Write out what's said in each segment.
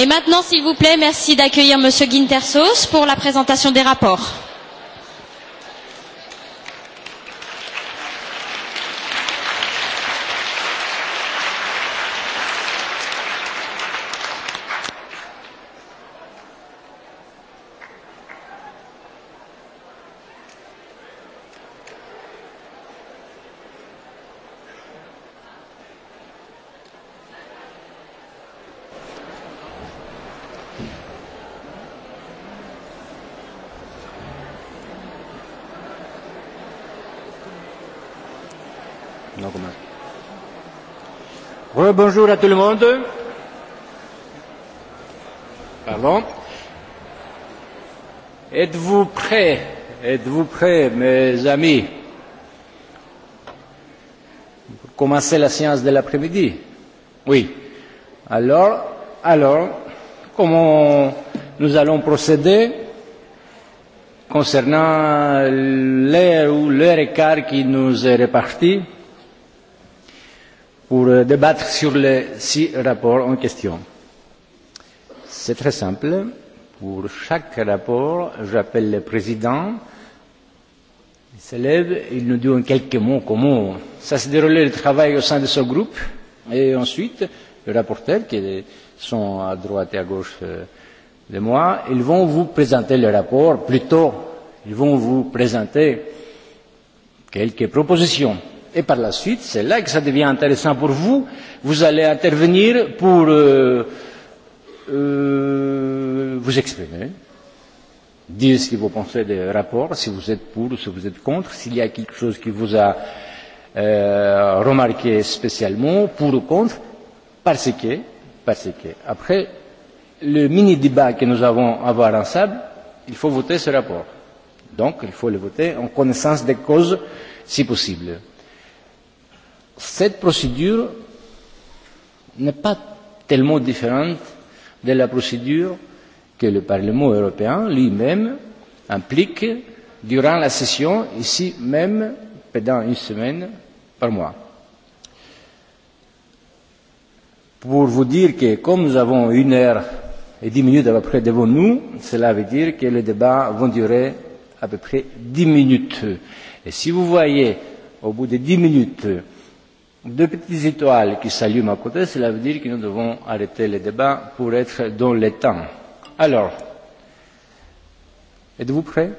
Et maintenant, s'il vous plaît, merci d'accueillir Monsieur Guintersos pour la présentation des rapports. Rebonjour à tout le monde. Pardon. Êtes-vous prêts Êtes-vous prêts, mes amis, pour commencer la séance de l'après-midi Oui. Alors, alors, comment nous allons procéder concernant l'heure ou l'heure écart qui nous est répartie débattre sur les six rapports en question. C'est très simple. Pour chaque rapport, j'appelle le président. Il se il nous dit en quelques mots comment ça se déroulé le travail au sein de ce groupe. Et ensuite, le rapporteur, qui sont à droite et à gauche de moi, ils vont vous présenter le rapport. Plutôt, ils vont vous présenter quelques propositions et par la suite c'est là que ça devient intéressant pour vous vous allez intervenir pour vous exprimer dire ce que vous pensez des rapports si vous êtes pour ou si vous êtes contre s'il y a quelque chose qui vous a remarqué spécialement pour ou contre parce que parce que après le mini débat que nous avons à en ensemble il faut voter ce rapport donc il faut le voter en connaissance des causes, si possible cette procédure n'est pas tellement différente de la procédure que le Parlement européen lui-même implique durant la session ici même pendant une semaine par mois. Pour vous dire que comme nous avons une heure et dix minutes à peu près devant nous, cela veut dire que les débats vont durer à peu près dix minutes. Et si vous voyez au bout de dix minutes deux petites étoiles qui s'allument à côté, cela veut dire que nous devons arrêter le débat pour être dans le temps. Alors, êtes-vous prêts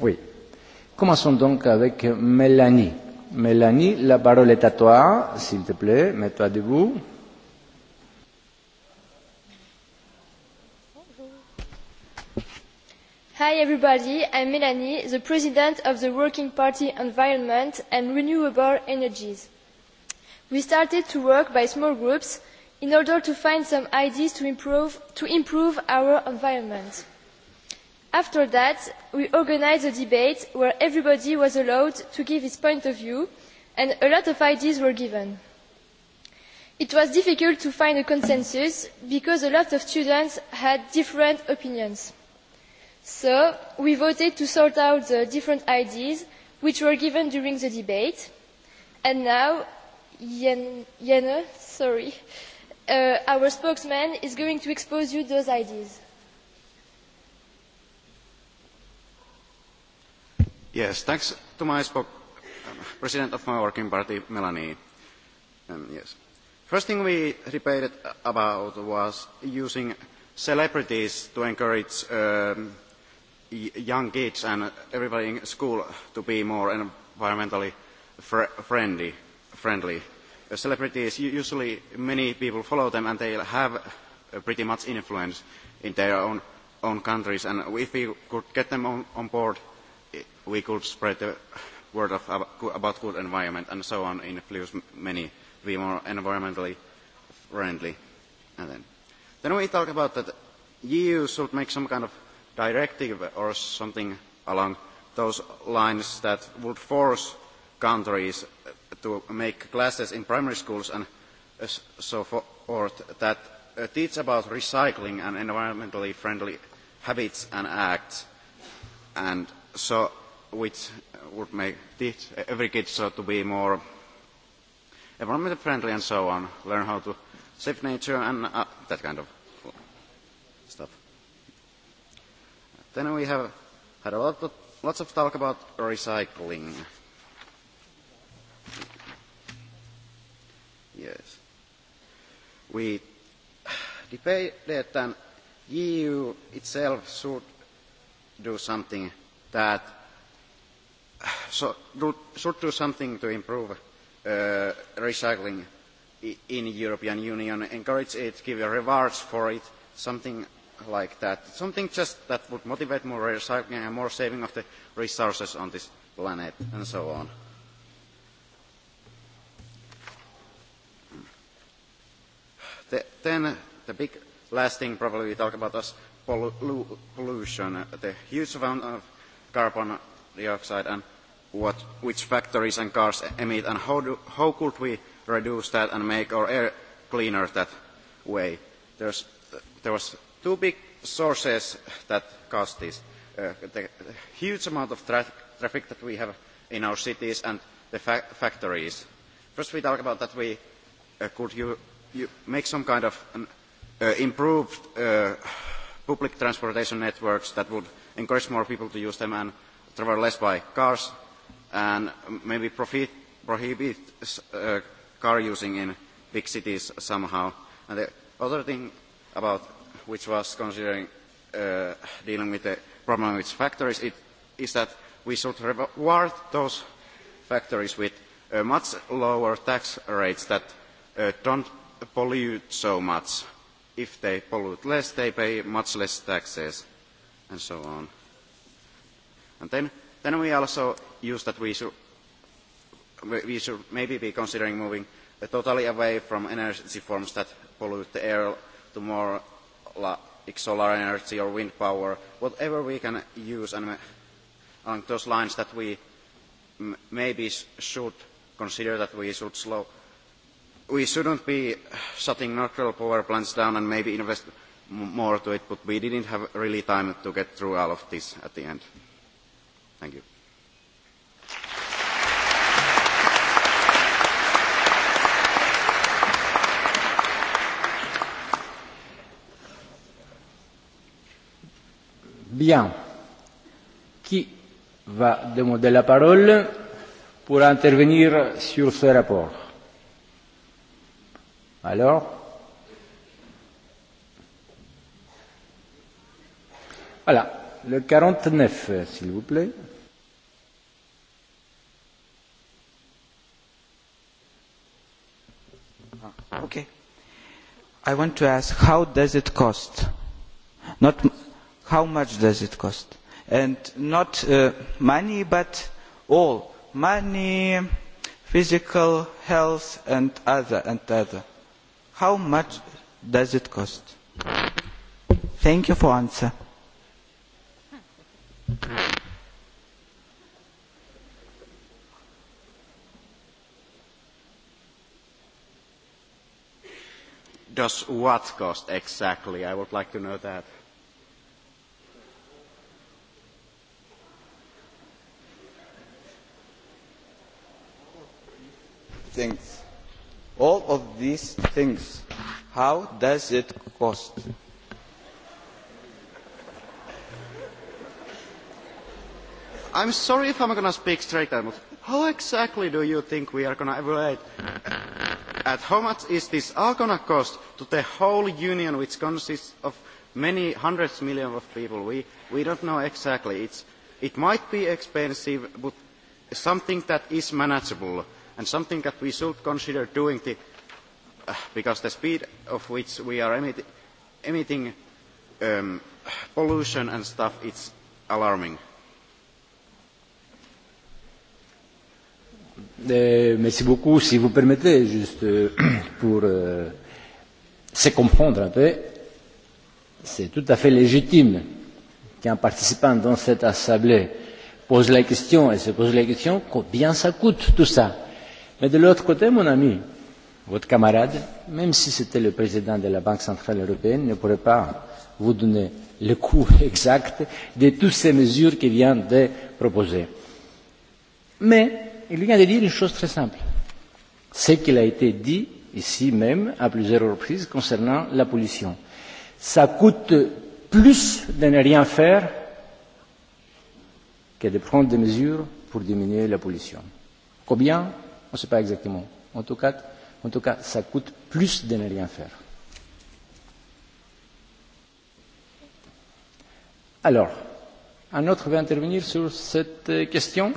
Oui. Commençons donc avec Mélanie. Mélanie, la parole est à toi, s'il te plaît, mets-toi debout. Hi everybody, I'm Melanie, the President of the Working Party Environment and Renewable Energies. We started to work by small groups in order to find some ideas to improve our environment. After that, we organized a debate where everybody was allowed to give his point of view and a lot of ideas were given. It was difficult to find a consensus because a lot of students had different opinions. So we voted to sort out the different ideas which were given during the debate. And now, sorry, our spokesman is going to expose you those ideas. Yes, thanks to my president of my working party, Melanie. Yes. First thing we debated about was using celebrities to encourage young kids and everybody in school to be more environmentally friendly. friendly. Celebrities, usually many people follow them and they have pretty much influence in their own, own countries. And if we could get them on, board, we could spread the word of, about good environment and so on, influence many, be more environmentally friendly. And then, then we talk about that EU should make some kind of directive or something along those lines that would force countries to make classes in primary schools and so forth that teach about recycling and environmentally friendly habits and acts and so which would make teach every kid to be more environmentally friendly and so on, learn how to save nature and that kind of Then we have had lots of talk about recycling. Yes. We debated that the EU itself should do something that should do something to improve recycling in the European Union, encourage it, give rewards for it, something like that. Something just that would motivate more recycling and more saving of the resources on this planet and so on. Then the big last thing probably we talk about is pollution. The huge amount of carbon dioxide and what which factories and cars emit and how could we reduce that and make our air cleaner that way. There was two big sources that cause this the huge amount of traffic that we have in our cities and the factories. First we talk about that we could make some kind of improved public transportation networks that would encourage more people to use them and travel less by cars and maybe prohibit car using in big cities somehow. the other thing about which was considering dealing with the problem with factories, is that we should reward those factories with much lower tax rates that don't pollute so much. If they pollute less, they pay much less taxes, and so on. And then we also use that we should we should maybe be considering moving totally away from energy forms that pollute the air to more like solar energy or wind power, whatever we can use and along those lines that we maybe should consider that we should slow. We shouldn't be shutting natural power plants down and maybe invest more to it, but we didn't have really time to get through all of this at the end. Thank you. Bien. Qui va demander la parole pour intervenir sur ce rapport Alors Voilà, le 49, s'il vous plaît. Ok. I want to ask, how does it cost? Not how much does it cost? And not money, but all money, physical health and other and other. How much does it cost? Thank you for answer. Does what cost exactly? I would like to know that. things. All of these things, how does it cost? I'm sorry if I'm going to speak straight. How exactly do you think we are going to evaluate at how much is this all going to cost to the whole union which consists of many hundreds of millions of people? We, we don't know exactly. It's, it might be expensive, but something that is manageable and something that we should consider doing because the speed of which we are emitting pollution and stuff is alarming. Merci beaucoup. Si vous permettez, juste pour se comprendre un peu, c'est tout à fait légitime qu'un participant dans cette assemblée pose la question et se pose la question combien ça coûte tout ça Mais de l'autre côté, mon ami, votre camarade, même si c'était le président de la Banque Centrale Européenne, ne pourrait pas vous donner le coût exact de toutes ces mesures qu'il vient de proposer. Mais il vient de dire une chose très simple. Ce qu'il a été dit ici même à plusieurs reprises concernant la pollution. Ça coûte plus de ne rien faire que de prendre des mesures pour diminuer la pollution. Combien On ne sait pas exactement. En tout cas, en tout cas ça coûte plus de ne rien faire. Alors, un autre veut intervenir sur cette question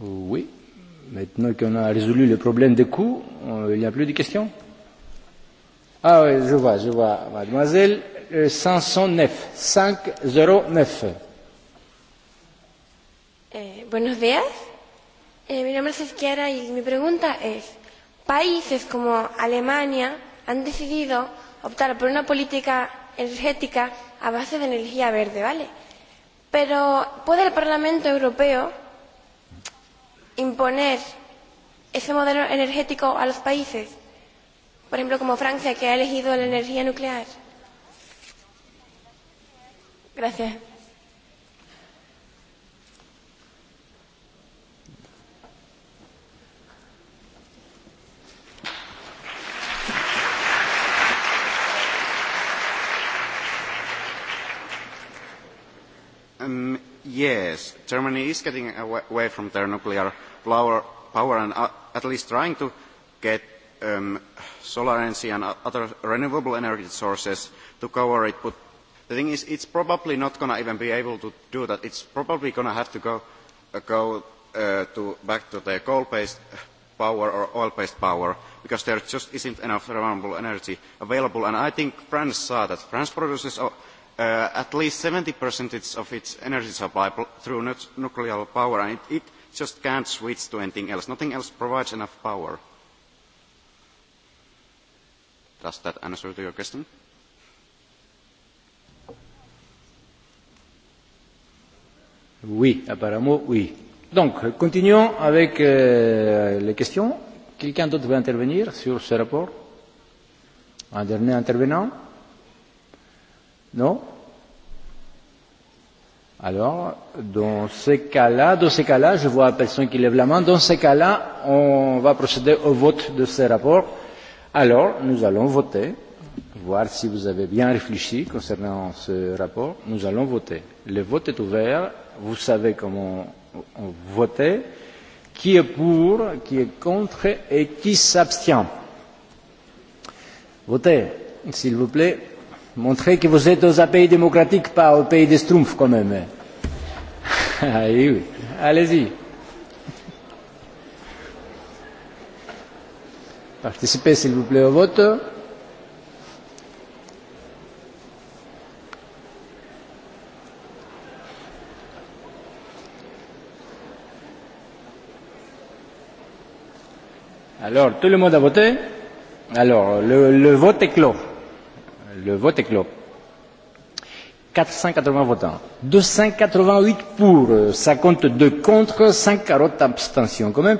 Oui. Maintenant qu'on a résolu le problème des coûts, il n'y a plus de questions Ah oui, je vois, je vois. Mademoiselle 509. 509. buenos días. Eh, mi nombre es Esquiara y mi pregunta es, países como Alemania han decidido optar por una política energética a base de energía verde, ¿vale? Pero ¿puede el Parlamento Europeo imponer ese modelo energético a los países? Por ejemplo, como Francia, que ha elegido la energía nuclear. Gracias. Yes, Germany is getting away from their nuclear power and at least trying to get solar energy and other renewable energy sources to cover it, but The thing is, it's probably not going to even be able to do that. It's probably going to have to go go back to the coal-based power or oil-based power because there just isn't enough renewable energy available. And I think France saw that. France produces at least 70% of its energy supply through nuclear power, and it just can't switch to anything else. Nothing else provides enough power. Does that answer to your question? Oui, apparemment, oui. Donc, continuons avec les questions. Quelqu'un d'autre veut intervenir sur ce rapport Un dernier intervenant Non Alors, dans ce cas-là, dans ces cas-là, je vois personne qui lève la main. Dans ce cas-là, on va procéder au vote de ce rapport. Alors, nous allons voter, voir si vous avez bien réfléchi concernant ce rapport. Nous allons voter. Le vote est ouvert vous savez comment voter, qui est pour, qui est contre et qui s'abstient. Votez, s'il vous plaît. Montrez que vous êtes aux un pays démocratique, pas au pays des Strumpf quand même. Allez-y. Participez, s'il vous plaît, au vote. Alors, tout le monde a voté Alors, le, le vote est clos. Le vote est clos. 480 votants. 288 pour, 52 contre, 5 carottes abstention quand même.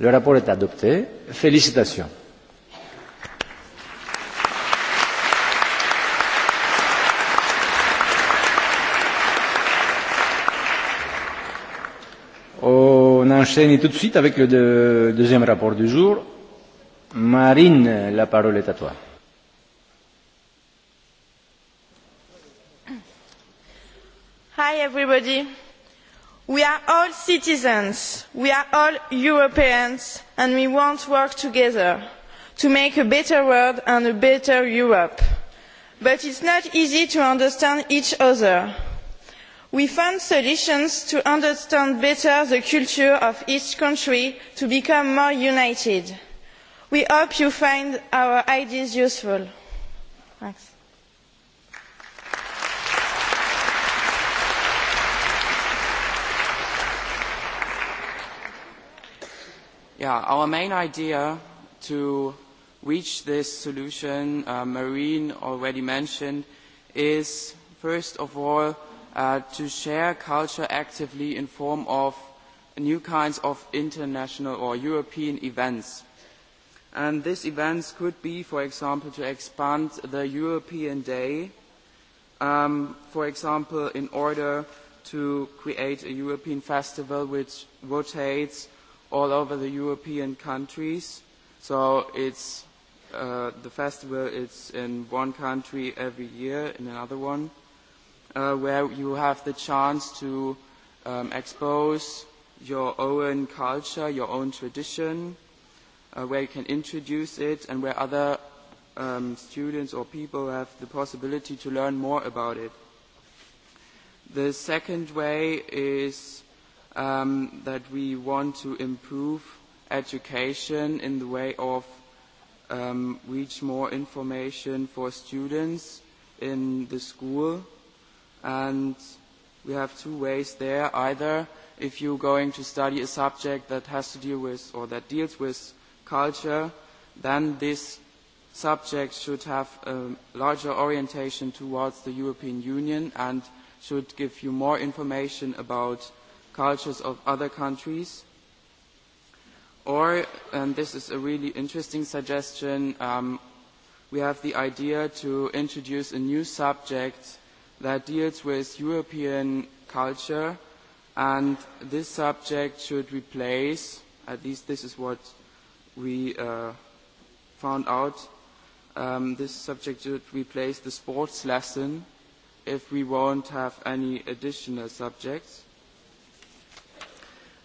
Le rapport est adopté. Félicitations. enchaîne tout de suite avec le deuxième rapport du jour. Marine, la parole est à toi. Hi everybody. We are all citizens, we are all Europeans and we want to work together to make a better world and a better Europe. But it's not easy to understand each other we found solutions to understand better the culture of each country to become more united. we hope you find our ideas useful. our main idea to reach this solution marine already mentioned is first of all to share culture actively in form of new kinds of international or European events. And these events could be, for example, to expand the European Day, for example, in order to create a European festival which rotates all over the European countries. So it's the festival is in one country every year, in another one where you have the chance to expose your own culture, your own tradition, where you can introduce it and where other students or people have the possibility to learn more about it. The second way is that we want to improve education in the way of reach more information for students in the school and we have two ways there either if are going to study a subject that has to deal with or that deals with culture then this subject should have a larger orientation towards the European Union and should give you more information about cultures of other countries or and this is a really interesting suggestion we have the idea to introduce a new subject that deals with European culture, and this subject should replace, at least this is what we found out, this subject should replace the sports lesson if we won't have any additional subjects.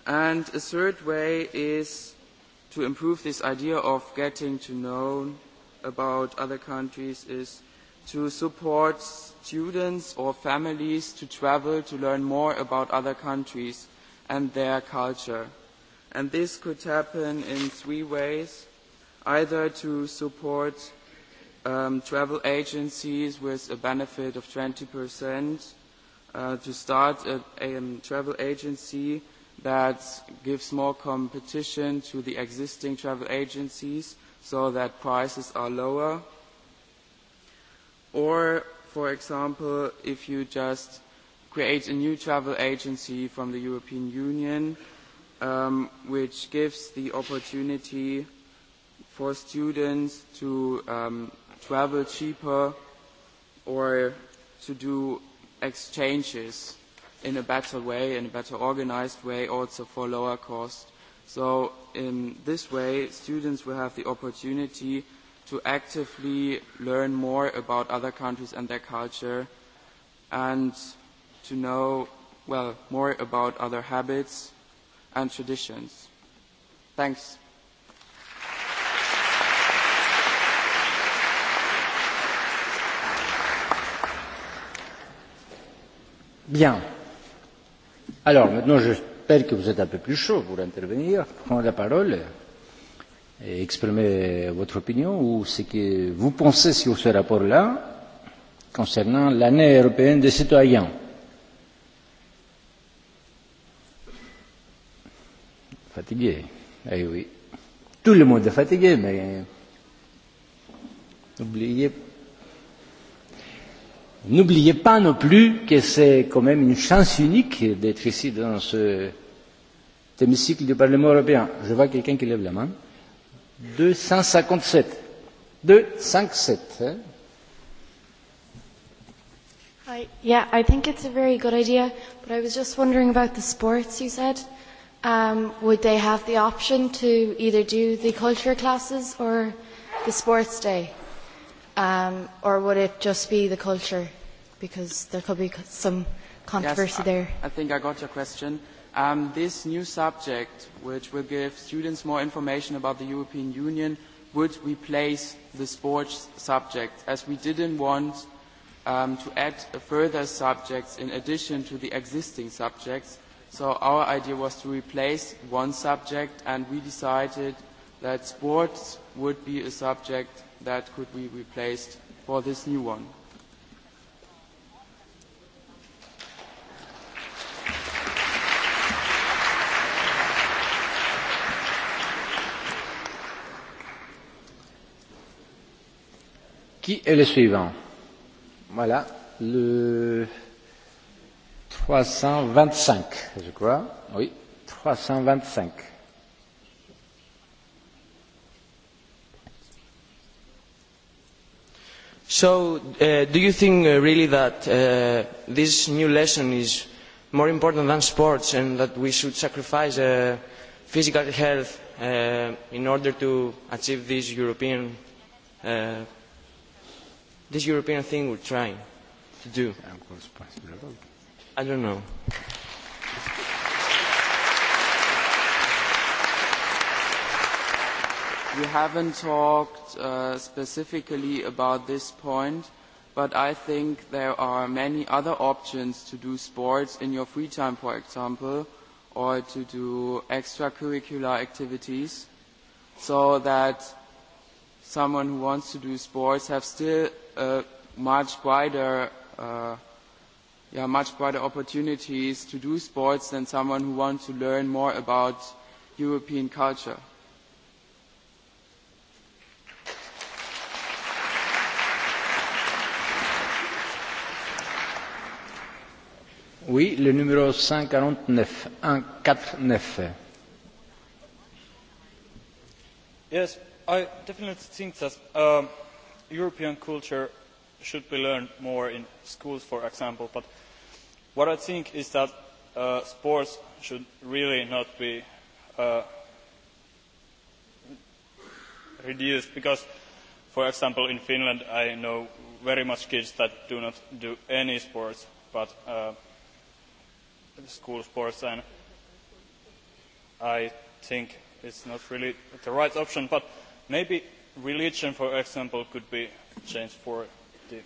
And a third way is to improve this idea of getting to know about other countries is to support students or families to travel to learn more about other countries and their culture. And this could happen in three ways, either to support travel agencies with a benefit of 20%, to start a travel agency that gives more competition to the existing travel agencies so that prices are lower, or for example, if you just create a new travel agency from the European Union, which gives the opportunity for students to travel cheaper or to do exchanges in a better way, in a better organized way, also for lower cost. So in this way, students will have the opportunity to actively learn more about other countries and their culture and to know, well, more about other habits and traditions. Thanks. Bien. Alors maintenant, j'espère que vous êtes un peu plus chaud pour intervenir, prendre la parole exprimer votre opinion ou ce que vous pensez sur ce rapport-là concernant l'année européenne des citoyens. Fatigué, eh oui. Tout le monde est fatigué, mais n'oubliez N'oubliez pas non plus que c'est quand même une chance unique d'être ici dans ce hémicycle du Parlement européen. Je vois quelqu'un qui lève la main. 257. 257. Hi. Yeah, I think it's a very good idea, but I was just wondering about the sports you said. would they have the option to either do the culture classes or the sports day? or would it just be the culture? Because there could be some controversy there. I think I got your question this new subject, which will give students more information about the European Union, would replace the sports subject, as we didn't want to add further subjects in addition to the existing subjects. So our idea was to replace one subject, and we decided that sports would be a subject that could be replaced for this new one. Qui est le suivant Voilà, le 325, je crois. Oui, 325. So, do you think really that this new lesson is more important than sports and that we should sacrifice physical health in order to achieve this European this European thing we're trying to do. I don't know. You haven't talked specifically about this point, but I think there are many other options to do sports in your free time, for example, or to do extracurricular activities, so that someone who wants to do sports have still much wider much wider opportunities to do sports than someone who wants to learn more about European culture. Oui, le numéro 149, 149. Yes, I definitely think that European culture should be learned more in schools, for example. But what I think is that sports should really not be reduced because, for example, in Finland I know very much kids that do not do any sports but school sports and I think it's not really the right option. But maybe religion for example could be changed for the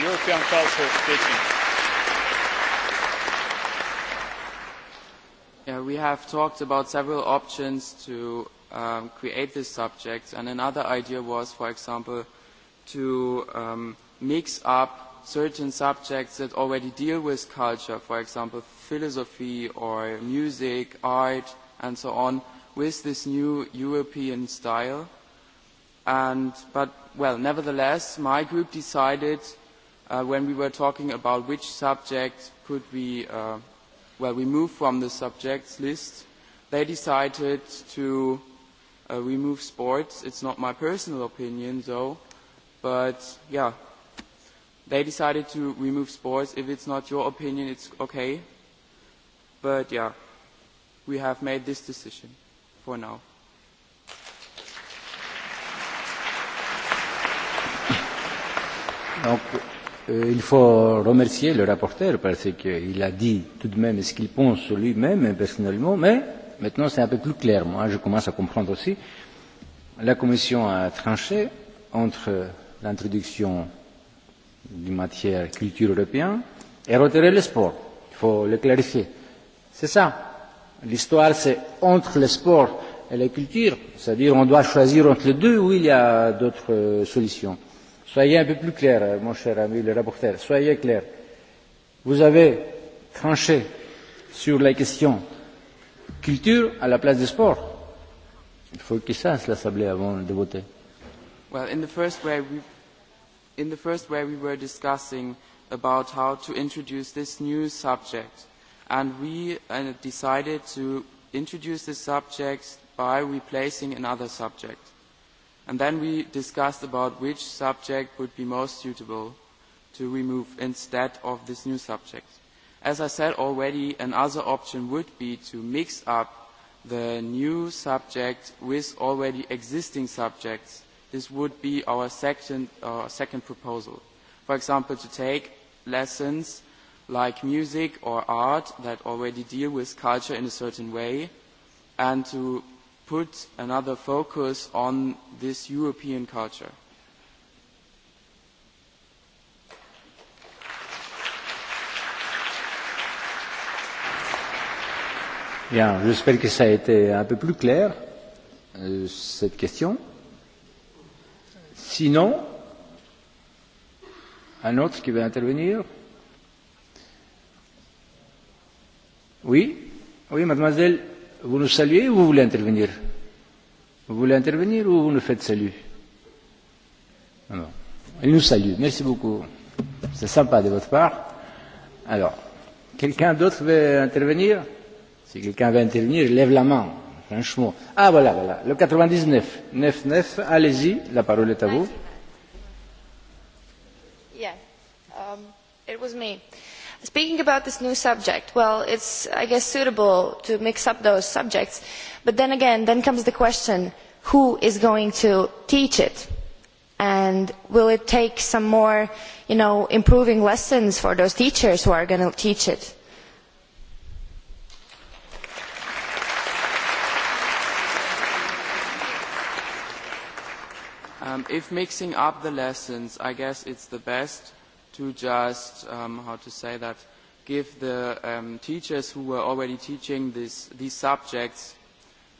european culture teaching. we have talked about several options to create this subject and another idea was for example to mix up certain subjects that already deal with culture for example philosophy or music art and so on with this new European style. But, well, nevertheless, my group decided when we were talking about which subjects could we, well, remove from the subjects list, they decided to remove sports. It's not my personal opinion, though, but, yeah, they decided to remove sports. If it's not your opinion, it's okay. But, yeah, we have made this decision for Donc, il faut remercier le rapporteur parce qu'il a dit tout de même ce qu'il pense lui-même personnellement, mais maintenant c'est un peu plus clair. Moi, je commence à comprendre aussi. La Commission a tranché entre l'introduction d'une matière culture européenne et retirer le sport. Il faut le clarifier. C'est ça l'histoire c'est entre le sport et la culture, c'est-à-dire on doit choisir entre les deux ou il y a d'autres solutions. Soyez un peu plus clair, mon cher ami le rapporteur, soyez clair. Vous avez tranché sur la question culture à la place du sport. Il faut que ça l'assemblée avant de voter. Well, in the first way, we, in the first way we were discussing about how to introduce this new subject and we decided to introduce this subject by replacing another subject. And then we discussed about which subject would be most suitable to remove instead of this new subject. As I said already, another option would be to mix up the new subject with already existing subjects. This would be our second proposal. For example, to take lessons like music or art that already deal with culture in a certain way and to put another focus on this European culture. Bien, j'espère que ça a été un peu plus clair, cette question. Sinon, un autre qui veut intervenir Oui, oui, mademoiselle, vous nous saluez ou vous voulez intervenir Vous voulez intervenir ou vous nous faites salut Alors, elle nous salue. Merci beaucoup. C'est sympa de votre part. Alors, quelqu'un d'autre veut intervenir Si quelqu'un veut intervenir, lève la main. Franchement. Ah voilà, voilà, le 99. 99, allez-y, la parole est à vous. Yeah, um, it was me. Speaking about this new subject, well, it's, I guess, suitable to mix up those subjects. But then again, then comes the question, who is going to teach it? And will it take some more, you know, improving lessons for those teachers who are going to teach it? If mixing up the lessons, I guess it's the best to just, how to say that, give the teachers who were already teaching these subjects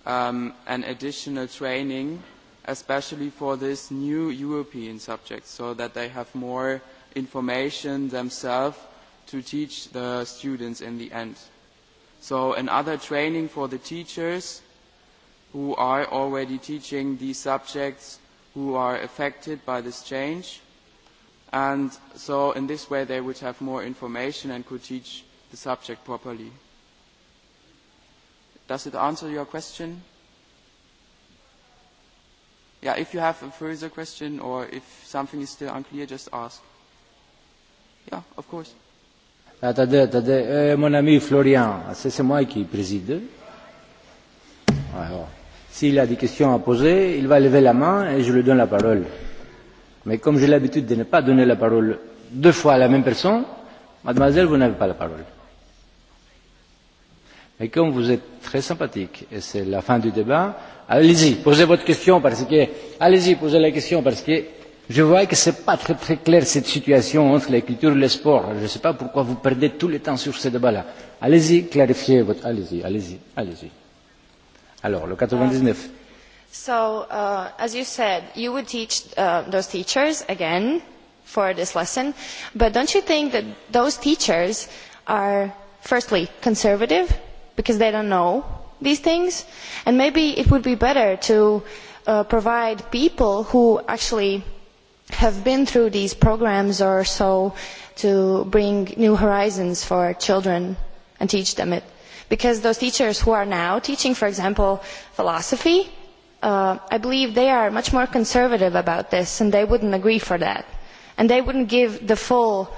an additional training, especially for this new European subject, so that they have more information themselves to teach the students in the end. So another training for the teachers who are already teaching these subjects who are affected by this change and so in this way they would have more information and could teach the subject properly. Does it answer your question? Yeah, if you have a further question or if something is still unclear, just ask. Yeah, of course. Attendez, attendez. mon ami Florian, c'est moi qui préside. Alors, s'il a des questions à poser, il va lever la main et je lui donne la parole. Mais comme j'ai l'habitude de ne pas donner la parole deux fois à la même personne, mademoiselle, vous n'avez pas la parole. Mais comme vous êtes très sympathique, et c'est la fin du débat, allez-y, posez votre question parce que, allez-y, posez la question parce que je vois que ce n'est pas très très clair cette situation entre la culture et le sport. Je ne sais pas pourquoi vous perdez tout le temps sur ce débat-là. Allez-y, clarifiez votre, allez-y, allez-y, allez-y. Alors, le 99. So, as you said, you would teach those teachers again for this lesson, but don't you think that those teachers are, firstly, conservative because they don't know these things, and maybe it would be better to provide people who actually have been through these programs or so to bring new horizons for children and teach them it, because those teachers who are now teaching, for example, philosophy I believe they are much more conservative about this and they wouldn't agree for that. And they wouldn't give the full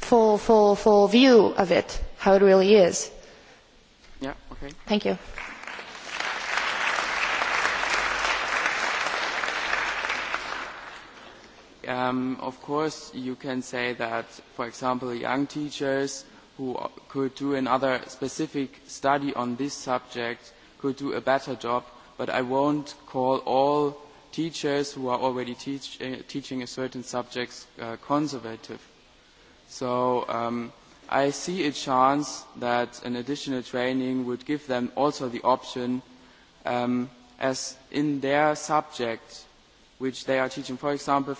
full full view of it, how it really is. Thank you. Of course you can say that, for example, young teachers who could do another specific study on this subject could do a better job, but I won't call all teachers who are already teaching a certain subject conservative. So I see a chance that an additional training would give them also the option, as in their subject, which they are teaching, for example,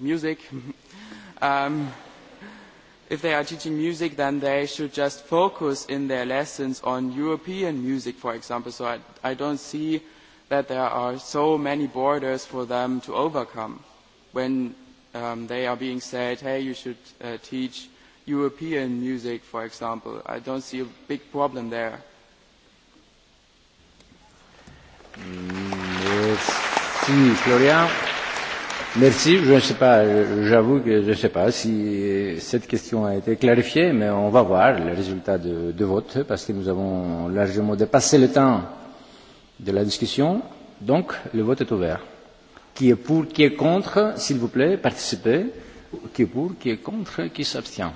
music, if they are teaching music, then they should just focus in their lessons on European music, for example. So I, don't see that there are so many borders for them to overcome when they are being said, hey, you should teach European music, for example. I don't see a big problem there. Merci. j'avoue que je ne sais pas si cette question a été clarifiée, mais on va voir le résultat de, vote parce que nous avons largement dépassé le temps de la discussion. Donc, le vote est ouvert. Qui est pour, qui est contre, s'il vous plaît, participez. Qui est pour, qui est contre, qui s'abstient.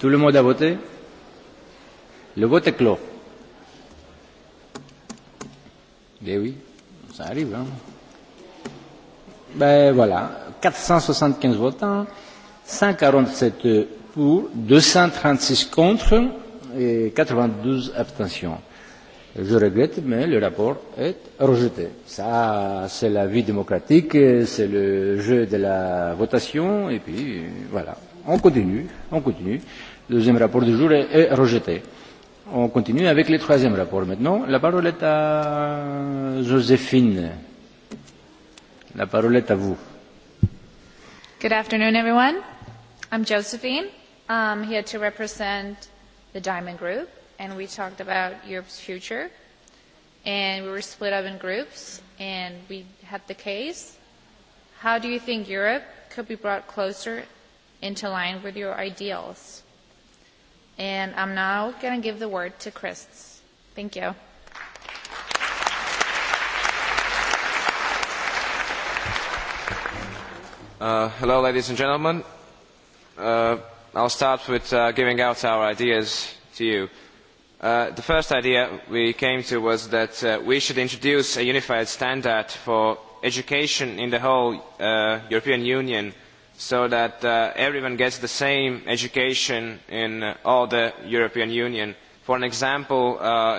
Tout le monde a voté Le vote est clos. Eh oui, ça arrive. Hein. Ben voilà, 475 votants, 147 pour, 236 contre et 92 abstentions. Je regrette, mais le rapport est rejeté. Ça, c'est la vie démocratique, c'est le jeu de la votation, et puis voilà. On continue, on continue deuxième rapport du jour est rejeté. On continue avec le troisième rapport maintenant. La parole est à Joséphine. La parole est à vous. Good afternoon, everyone. I'm Josephine. I'm here to represent the Diamond Group, and we talked about Europe's future. And we were split up in groups, and we had the case. How do you think Europe could be brought closer into line with your ideals? And I'm now going to give the word to Chris. Thank you. Hello, ladies and gentlemen. I'll start with giving out our ideas to you. The first idea we came to was that we should introduce a unified standard for education in the whole European Union so that everyone gets the same education in all the European Union. For an example,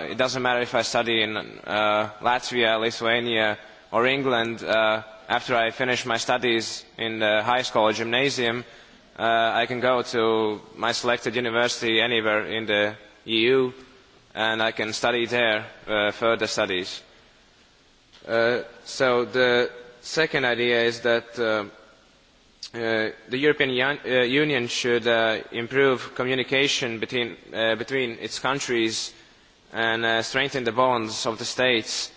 it doesn't matter if I study in Latvia, Lithuania or England. After I finish my studies in the high school or gymnasium, I can go to my selected university anywhere in the EU and I can study there further studies. So the second idea is that The European Union should improve communication between its countries and strengthen the bonds of the states.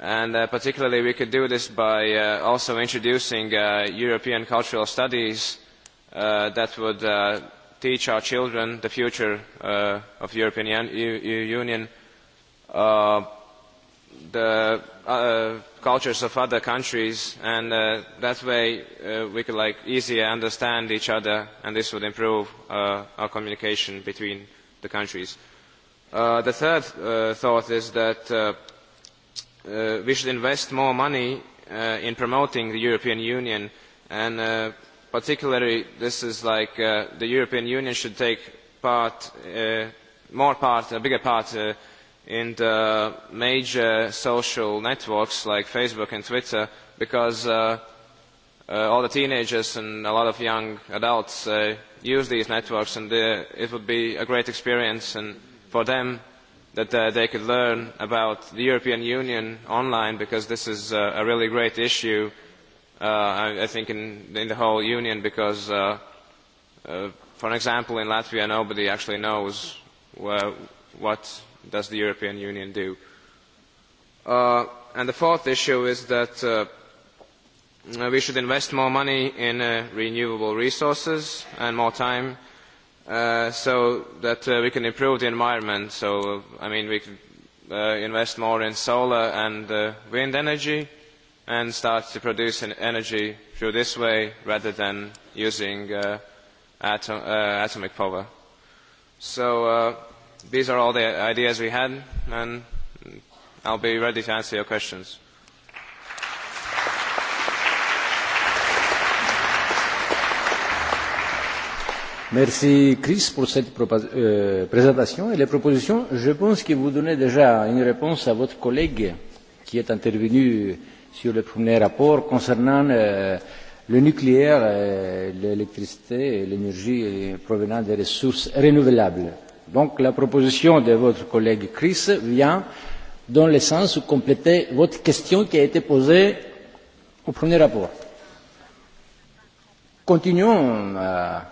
And particularly we could do this by also introducing European cultural studies that would teach our children the future of the European Union. The cultures of other countries and that way we could like easier understand each other and this would improve our communication between the countries. The third thought is that we should invest more money in promoting the European Union and particularly this is like the European Union should take part, more part, a bigger part in the major social networks like Facebook and Twitter because all the teenagers and a lot of young adults use these networks and it would be a great experience and for them that they could learn about the European Union online because this is a really great issue I think in in the whole union because for example in Latvia nobody actually knows what does the European Union do? And the fourth issue is that we should invest more money in renewable resources and more time so that we can improve the environment. So, I mean, we could invest more in solar and wind energy and start to produce energy through this way rather than using atomic power. So these are all the ideas we had, and I'll be ready to answer your questions. Merci Chris pour cette présentation et les propositions. Je pense que vous donnez déjà une réponse à votre collègue qui est intervenu sur le premier rapport concernant le nucléaire, l'électricité et l'énergie provenant des ressources renouvelables. Donc la proposition de votre collègue Chris vient dans le sens de compléter votre question qui a été posée au premier rapport. Continuons à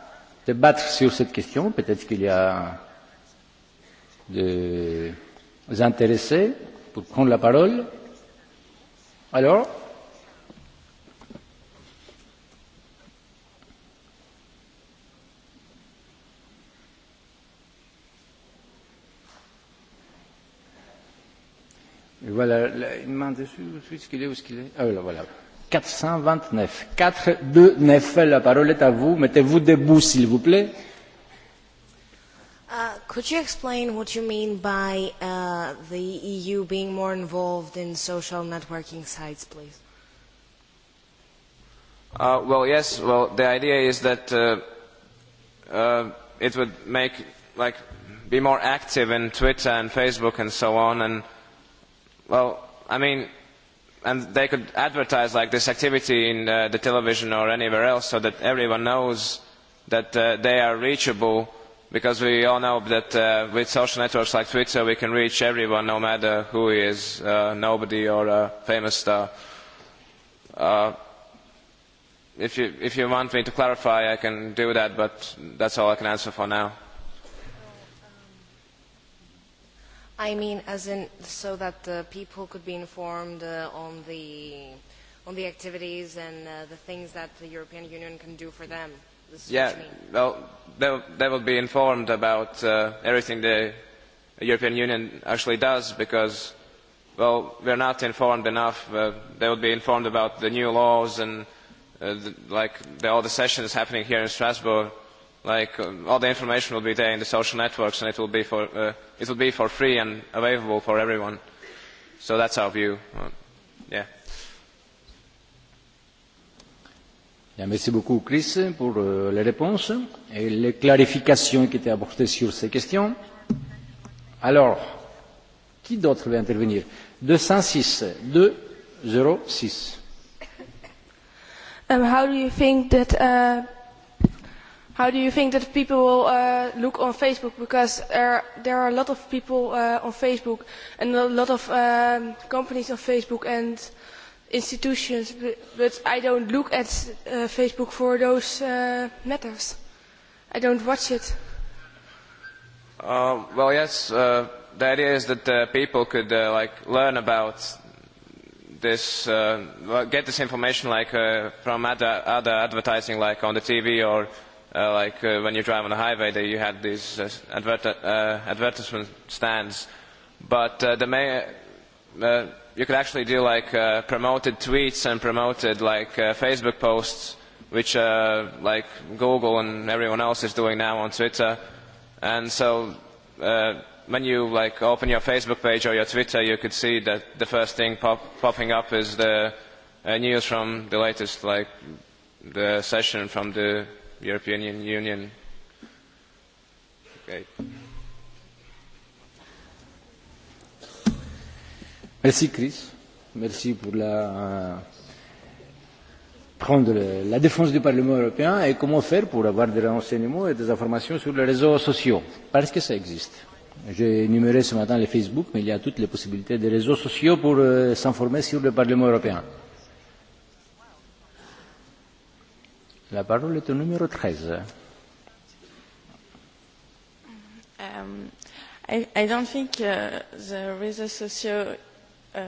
débattre sur cette question. Peut-être qu'il y a des intéressés pour prendre la parole. Alors Voilà, il m'a tout de ce qu'il est, où ce qu'il est. Ah, voilà, voilà. 429. 429, la parole est à vous. Mettez-vous debout, s'il vous plaît. Could you explain what you mean by the EU being more involved in social networking sites, please? Well, yes. Well, the idea is that it would make, like, be more active in Twitter and Facebook and so on, and Well, I mean, and they could advertise like this activity in the television or anywhere else so that everyone knows that they are reachable because we all know that with social networks like Twitter we can reach everyone no matter who he is, nobody or a famous star. if you If you want me to clarify, I can do that, but that's all I can answer for now. I mean, as in, so that the people could be informed on the on the activities and the things that the European Union can do for them. Yeah, well, they will be informed about everything the European Union actually does because, well, we not informed enough. They will be informed about the new laws and, like, the all the sessions happening here in Strasbourg like all the information will be there in the social networks and it will be for uh, it will be for free and available for everyone so that's our view yeah merci beaucoup Chris pour les réponses et les clarifications qui étaient apportées sur ces questions alors qui d'autre veut intervenir 206 206 um, how do you think that How do you think that people will look on Facebook? Because there are a lot of people on Facebook and a lot of companies on Facebook and institutions, but I don't look at Facebook for those matters. I don't watch it. Well, yes, the idea is that people could like learn about this, get this information like from other advertising, like on the TV or like when you drive on the highway there you had these advertisement stands but the mayor you could actually do like promoted tweets and promoted like facebook posts which like google and everyone else is doing now on twitter and so when you like open your facebook page or your twitter you could see that the first thing popping up is the news from the latest like the session from the European Union. Merci Chris, merci pour la prendre la défense du Parlement européen et comment faire pour avoir des renseignements et des informations sur les réseaux sociaux, parce que ça existe. J'ai énuméré ce matin les Facebook, mais il y a toutes les possibilités des réseaux sociaux pour s'informer sur le Parlement européen. La parole est numéro 13. Um, I, don't think uh, there is a uh,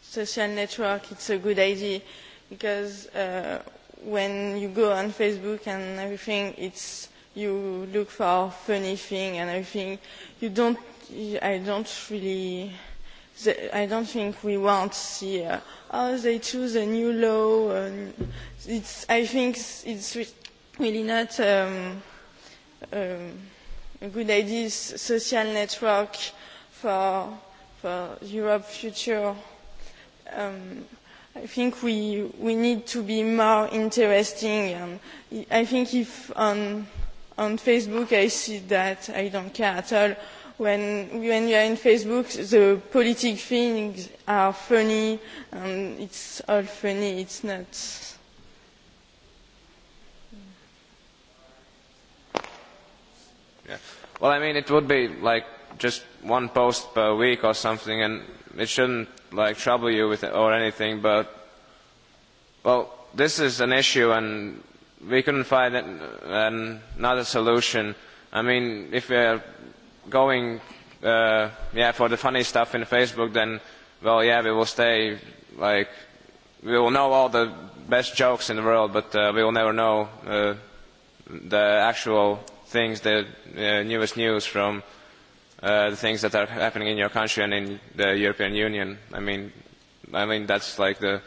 social network. It's a good idea because uh, when you go on Facebook and everything, it's you look for funny thing and everything. You don't. I don't really I don't think we want to see oh they choose a new law. It's I think it's really not a good idea. Social network for for Europe future. I think we we need to be more interesting. I think if on on Facebook I see that I don't care at all when when you are in facebook the political things are funny and it's all funny it's not well i mean it would be like just one post per week or something and it shouldn't like trouble you with or anything but well this is an issue and we couldn't find another solution i mean if we are going uh yeah for the funny stuff in Facebook, then well yeah we will stay like we will know all the best jokes in the world, but we will never know the actual things, the newest news from the things that are happening in your country and in the European Union. I mean, I mean that's like the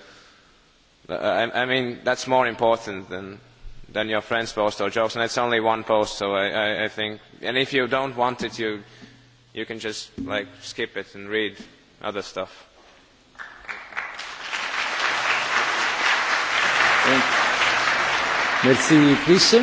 I mean that's more important than than your friends post or jokes, and it's only one post, so I, I, I think. And if you don't want it, you you can just like skip it and read other stuff. Merci, Chris.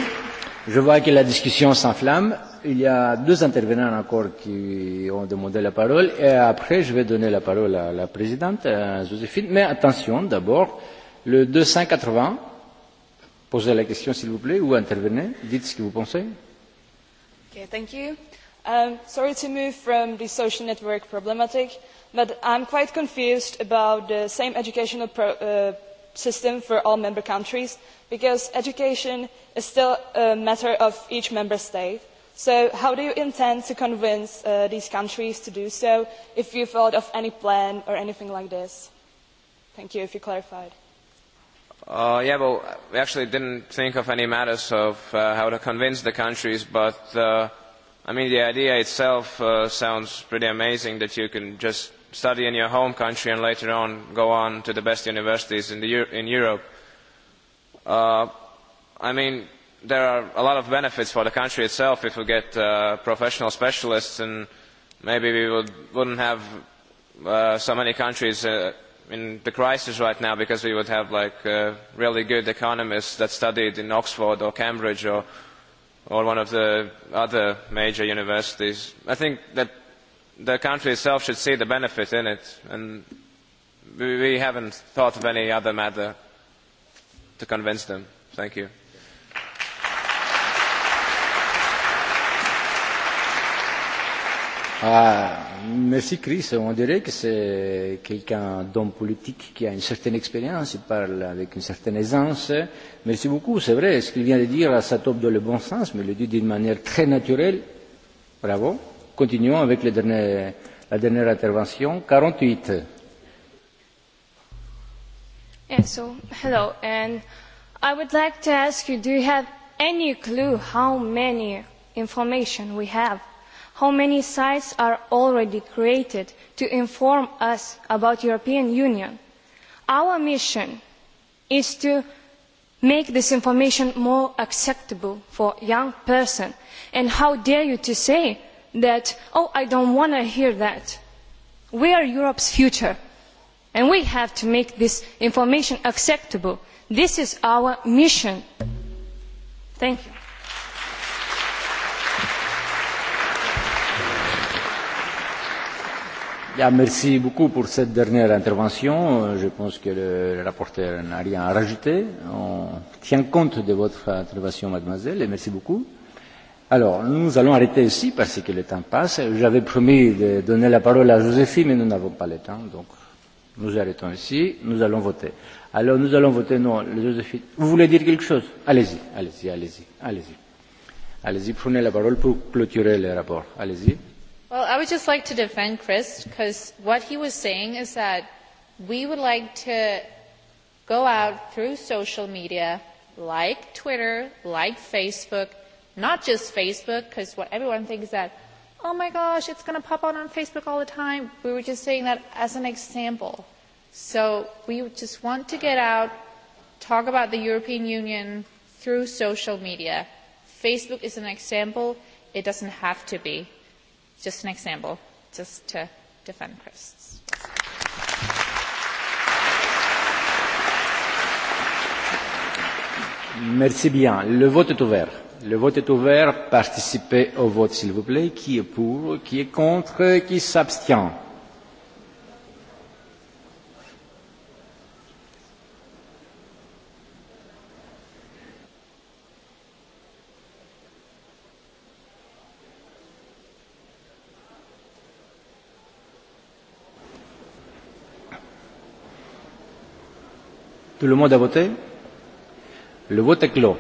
Je vois que la discussion s'enflamme. Il y a deux intervenants encore qui ont demandé la parole. Et après, je vais donner la parole à la présidente, à Joséphine. Mais attention, d'abord, le 280 Posez la question, s'il vous plaît, ou intervenez. Dites ce que vous pensez. Okay, thank you. Um, sorry to move from the social network problematic, but I'm quite confused about the same educational system for all member countries, because education is still a matter of each member state. So how do you intend to convince these countries to do so, if you thought of any plan or anything like this? Thank you, if you clarified. Yeah, well, we actually didn't think of any matters of how to convince the countries, but I mean, the idea itself sounds pretty amazing that you can just study in your home country and later on go on to the best universities in Europe. I mean, there are a lot of benefits for the country itself if we get professional specialists and maybe we wouldn't have so many countries in the crisis right now because we would have like really good economists that studied in Oxford or Cambridge or or one of the other major universities. I think that the country itself should see the benefit in it, and we haven't thought of any other matter to convince them. Thank you. Ah, merci Chris. On dirait que c'est quelqu'un d'homme politique qui a une certaine expérience, il parle avec une certaine aisance. Merci beaucoup, c'est vrai. Ce qu'il vient de dire, ça tombe dans le bon sens, mais il le dit d'une manière très naturelle. Bravo. Continuons avec la dernière intervention. 48. Yeah, hello, and I would like to ask you, do you have any clue how many information we have how many sites are already created to inform us about the European Union. Our mission is to make this information more acceptable for young person. And how dare you to say that, oh, I don't want to hear that. We are Europe's future, and we have to make this information acceptable. This is our mission. Thank you. Merci beaucoup pour cette dernière intervention. Je pense que le rapporteur n'a rien à rajouter. On tient compte de votre intervention, mademoiselle, et merci beaucoup. Alors, nous allons arrêter ici parce que le temps passe. J'avais promis de donner la parole à Joséphine, mais nous n'avons pas le temps. Donc, nous arrêtons ici. Nous allons voter. Alors, nous allons voter non. Joséphine, vous voulez dire quelque chose Allez-y, allez-y, allez-y. Allez-y, prenez la parole pour clôturer le rapport. Allez-y. Well, I would just like to defend Chris because what he was saying is that we would like to go out through social media like Twitter, like Facebook, not just Facebook because what everyone thinks is that, oh my gosh, it's going to pop out on Facebook all the time. We were just saying that as an example. So we just want to get out, talk about the European Union through social media. Facebook is an example. It doesn't have to be just an example, just to defend Chris. Merci bien. Le vote est ouvert. Le vote est ouvert. Participez au vote, s'il vous plaît. Qui est pour Qui est contre Qui s'abstient Tout le monde a voté Le vote est clos.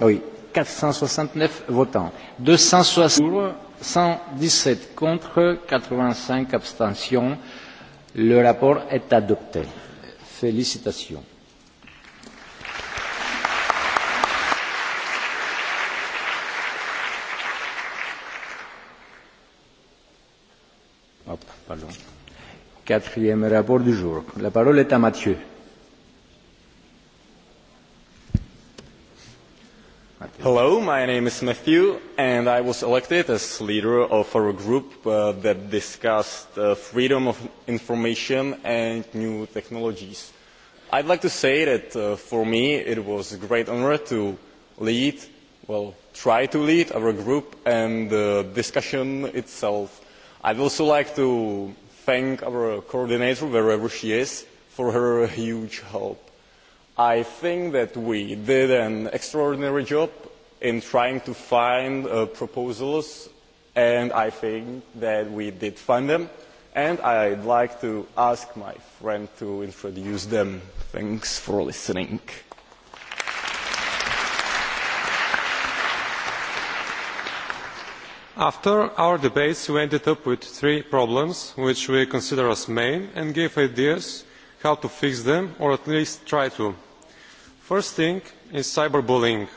Oui, 469 votants. 260 pour, 117 contre, 85 abstentions. Le rapport est adopté. Félicitations. rapport du jour. La parole est à Mathieu. Hello, my name is Matthew, and I was elected as leader of our group that discussed freedom of information and new technologies. I'd like to say that for me it was a great honor to lead, well, try to lead our group and the discussion itself. I'd also like to thank our coordinator, wherever she is, for her huge help. I think that we did an extraordinary job in trying to find proposals, and I think that we did find them. And I'd like to ask my friend to introduce them. Thanks for listening. After our debates, we ended up with three problems which we consider as main and gave ideas how to fix them or at least try to. First thing is cyberbullying.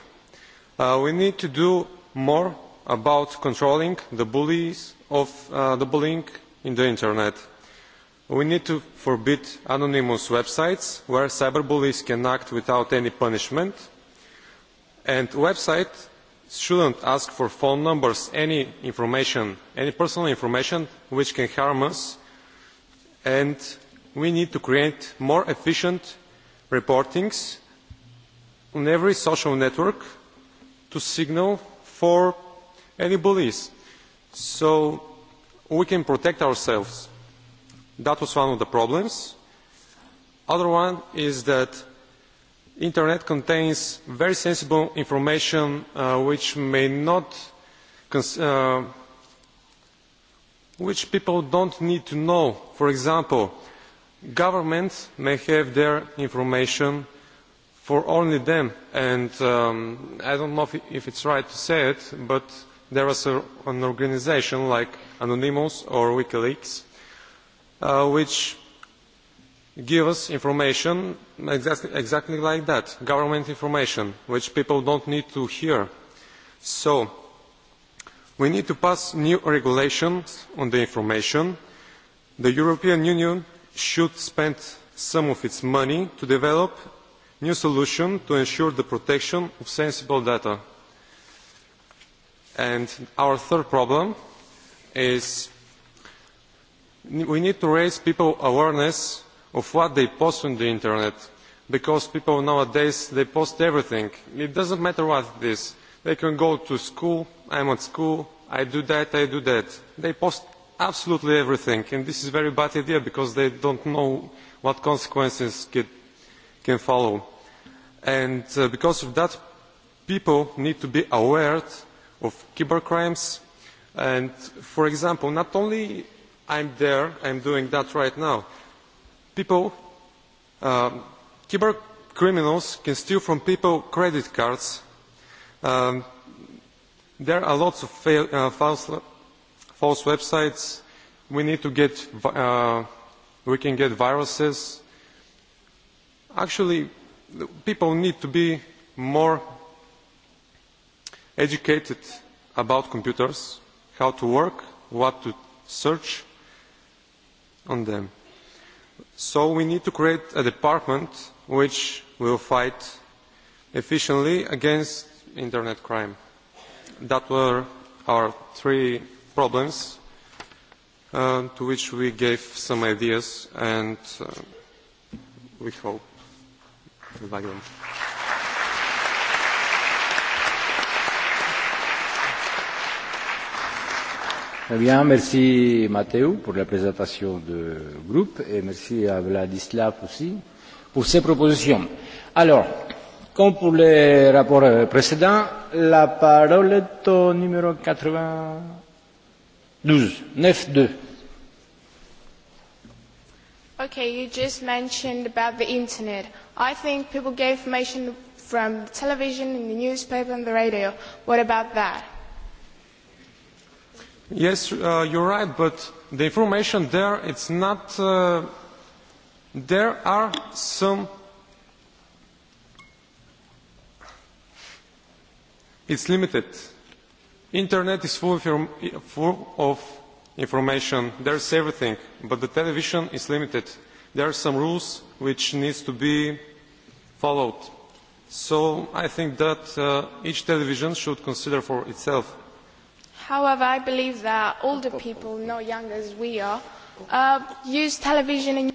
We need to do more about controlling the bullies of the bullying in the internet. We need to forbid anonymous websites where cyberbullies can act without any punishment and websites shouldn't ask for phone numbers, any information, any personal information which can harm us, and we need to create more efficient reportings on every social network to signal for any bullies, so we can protect ourselves. That was one of the problems. Other one is that internet contains very sensible information which may not which people not need to know for example governments may have their information for only them and i not know if it is right to say it but there is an organisation like anonymous or wikileaks which give us information exactly like that, government information, which people don't need to hear. So, we need to pass new regulations on the information. The European Union should spend some of its money to develop new solutions to ensure the protection of sensible data. And our third problem is we need to raise people awareness of what they post on the internet because people nowadays they post everything. It doesn't matter what it is. They can go to school, I'm at school, I do that, I do that. They post absolutely everything and this is a very bad idea because they don't know what consequences can follow. And because of that, people need to be aware of cybercrimes and, for example, not only I'm there, I'm doing that right now people cyber criminals can steal from people credit cards there are lots of false websites we need to get we can get viruses actually people need to be more educated about computers how to work what to search on them So we need to create a department which will fight efficiently against internet crime. That were our three problems to which we gave some ideas and we hope to like them. Très bien, merci Mathéo pour la présentation de groupe et merci à Vladislav aussi pour ses propositions. Alors, comme pour les rapports précédents, la parole est au numéro 92, 9-2. Okay, you just mentioned about the internet. I think people get information from television, and the newspaper and the radio. What about that? Yes, you're right, but the information there, it's not. There are some. It's limited. Internet is full of information. There's everything, but the television is limited. There are some rules which needs to be followed. So I think that each television should consider for itself However, I believe that older people, not young as we are, use television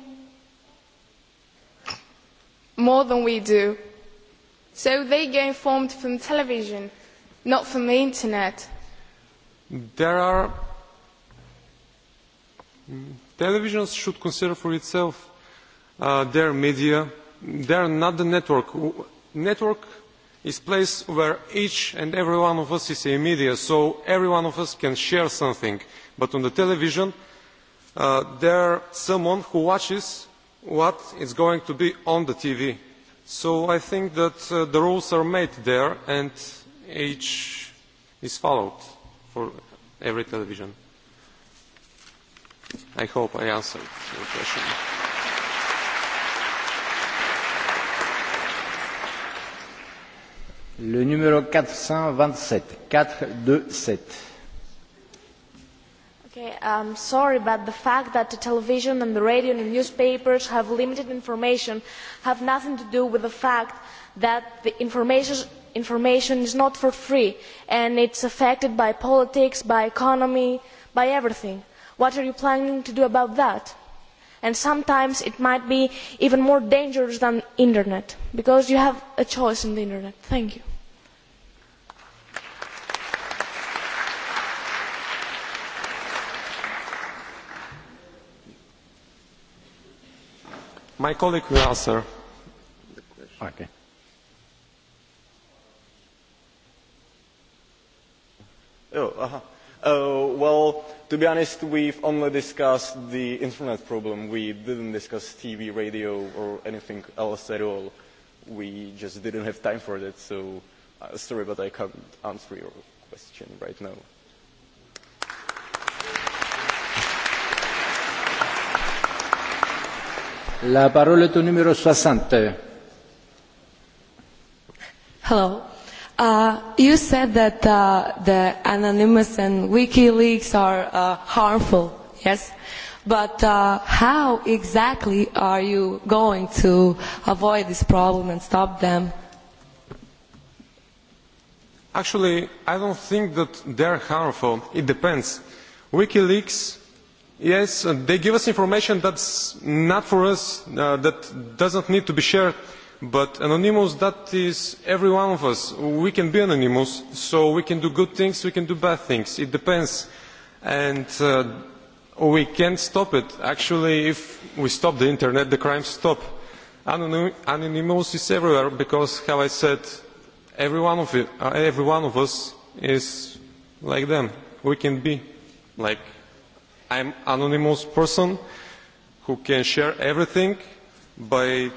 more than we do. So they get informed from television, not from the internet. There are. Television should consider for itself their media. They are not the network. Network is a place where each and every one of us is a media, so every one of us can share something. But on the television, there is someone who watches what is going to be on the TV. So I think that the rules are made there and each is followed for every television. I hope I answered your question. Le numéro 427, 427. Okay, I'm sorry, but the fact that the television and the radio and the newspapers have limited information have nothing to do with the fact that the information, information is not for free and it's affected by politics, by economy, by everything. What are you planning to do about that? and sometimes it might be even more dangerous than the internet because you have a choice in the internet. Thank you. My colleague will answer. Okay. Oh, well, to be honest, we've only discussed the internet problem. We didn't discuss TV, radio, or anything else at all. We just didn't have time for that, so sorry, but I can't answer your question right now. La parole au numéro 60. Hello. You said that the Anonymous and WikiLeaks are harmful, yes? But how exactly are you going to avoid this problem and stop them? Actually, I don't think that they're harmful. It depends. WikiLeaks Yes, they give us information that's not for us, that doesn't need to be shared. But anonymous, that is every one of us. We can be anonymous, so we can do good things, we can do bad things. It depends. And we can't stop it. Actually, if we stop the Internet, the crimes stop. Anonymous is everywhere because, how I said, every one of us is like them. We can be like I'm an anonymous person who can share everything by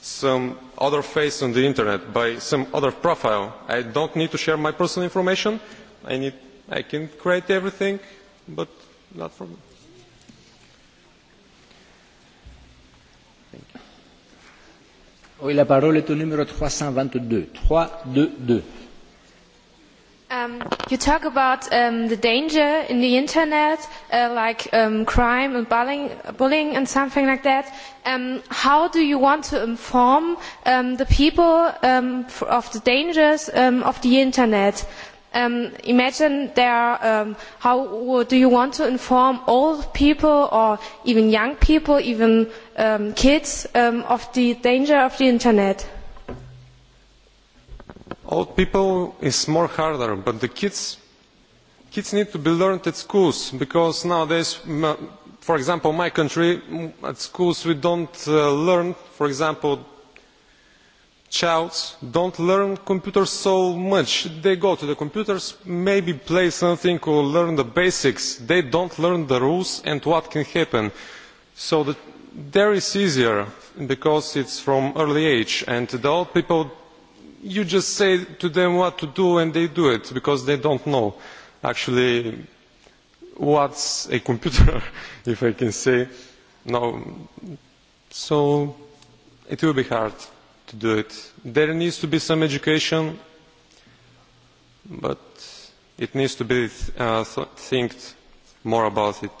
some other face on the internet, by some other profile. I don't need to share my personal information. I need I can create everything, but not from. Oui, la parole est au numéro 322. 322. You talk about the danger in the internet, like crime and bullying and something like that. How do you want to inform the people of the dangers of the internet? Imagine there. How do you want to inform old people or even young people, even kids, of the danger of the internet? old people is more harder but the kids kids need to be learned at schools because nowadays for example my country at schools we don't learn for example Childs don't learn computers so much. They go to the computers, maybe play something or learn the basics. They don't learn the rules and what can happen. So there is easier because it's from early age and the old people you just say to them what to do and they do it because they don't know actually what's a computer, if I can say. No. So it will be hard to do it. There needs to be some education, but it needs to be thought think more about it.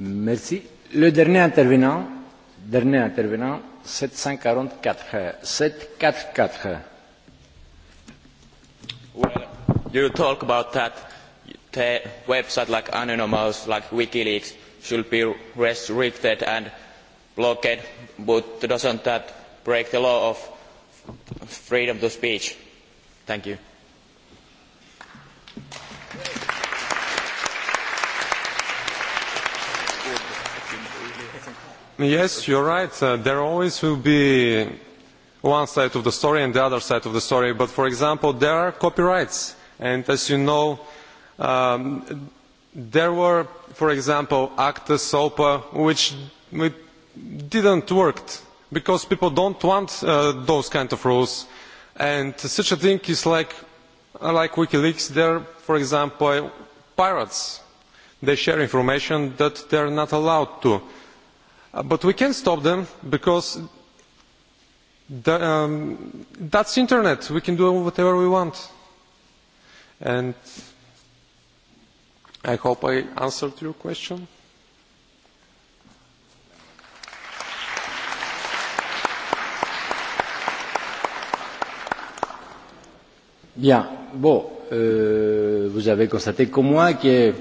Merci. Le dernier intervenant, 744. 744. Well, you talk about that the website like Anonymous, like WikiLeaks should be restricted and blocked, but doesn't that break the law of freedom of speech? Thank you. Yes, are right. There always will be one side of the story and the other side of the story. But, for example, there are copyrights. And as you know, there were, for example, acta, sopa, which didn't work because people don't want those kind of rules. And such a thing is like WikiLeaks. They're, for example, pirates. They share information that they're not allowed to. But we can stop them because that's internet. We can do whatever we want. And I hope I answered your question. Bien. Bon. Vous avez constaté comme moi que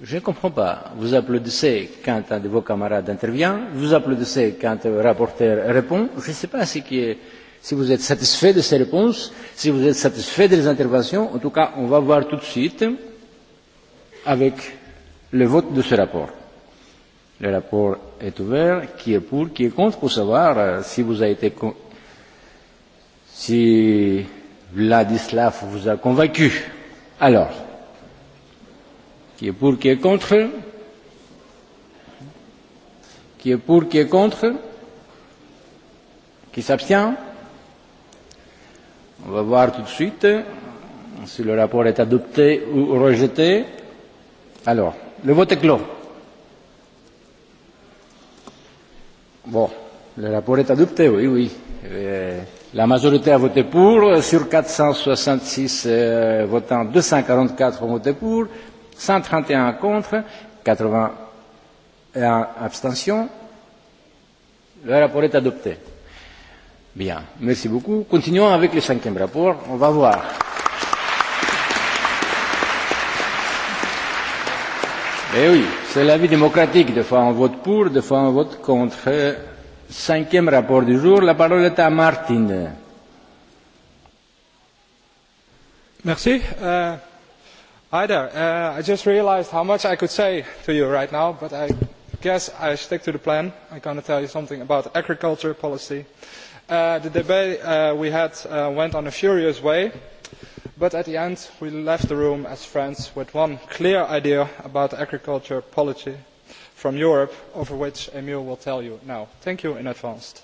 Je ne comprends pas. Vous applaudissez quand un de vos camarades intervient, vous applaudissez quand le rapporteur répond. Je ne sais pas si, si vous êtes satisfait de ces réponses, si vous êtes satisfait des interventions. En tout cas, on va voir tout de suite avec le vote de ce rapport. Le rapport est ouvert. Qui est pour, qui est contre, pour savoir si vous avez été... Si Vladislav vous a convaincu. Alors, qui est pour, qui est contre, qui est pour, qui est contre, qui s'abstient. On va voir tout de suite si le rapport est adopté ou rejeté. Alors, le vote est clos. Bon, le rapport est adopté, oui, oui. La majorité a voté pour, sur 466 votants, 244 ont voté pour, 131 contre, 81 abstentions. Le rapport est adopté. Bien, merci beaucoup. Continuons avec le cinquième rapport. On va voir. Eh oui, c'est la vie démocratique. Des fois on vote pour, des fois on vote contre. Cinquième rapport du jour. La parole est à Martine. Merci. Euh, Hi there. I just realized how much I could say to you right now, but I guess I stick to the plan. I'm going to tell you something about agriculture policy. The debate we had went on a furious way, but at the end we left the room as friends with one clear idea about agriculture policy from Europe, over which Emil will tell you now. Thank you in advance.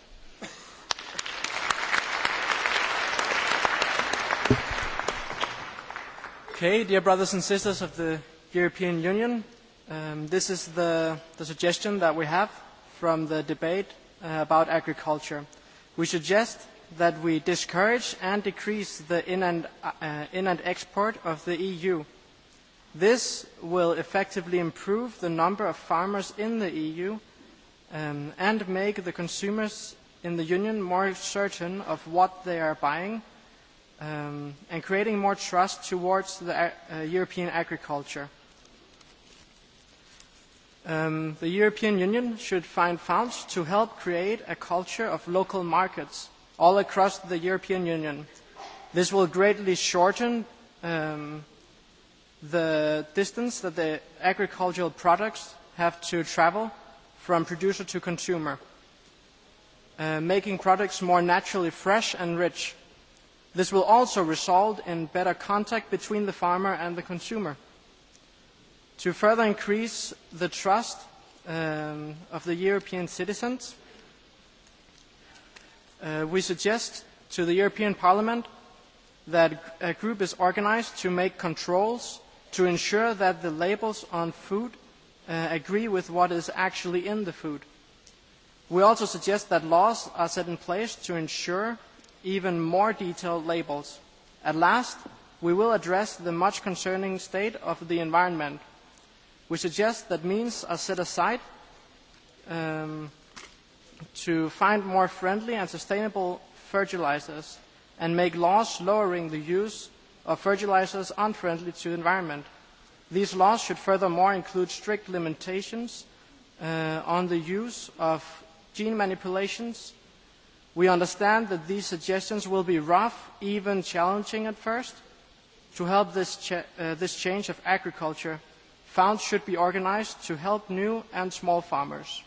Okay, dear brothers and sisters of the European Union, this is the suggestion that we have from the debate about agriculture. We suggest that we discourage and decrease the in and export of the EU. This will effectively improve the number of farmers in the EU and make the consumers in the Union more certain of what they are buying and creating more trust towards the European agriculture. The European Union should find funds to help create a culture of local markets all across the European Union. This will greatly shorten the distance that the agricultural products have to travel from producer to consumer, making products more naturally fresh and rich. This will also result in better contact between the farmer and the consumer. To further increase the trust of the European citizens, we suggest to the European Parliament that a group is organised to make controls to ensure that the labels on food agree with what is actually in the food. We also suggest that laws are set in place to ensure even more detailed labels. At last, we will address the much concerning state of the environment. We suggest that means are set aside to find more friendly and sustainable fertilizers and make laws lowering the use of fertilizers unfriendly to the environment. These laws should furthermore include strict limitations on the use of gene manipulations We understand that these suggestions will be rough, even challenging at first. To help this this change of agriculture, funds should be organized to help new and small farmers.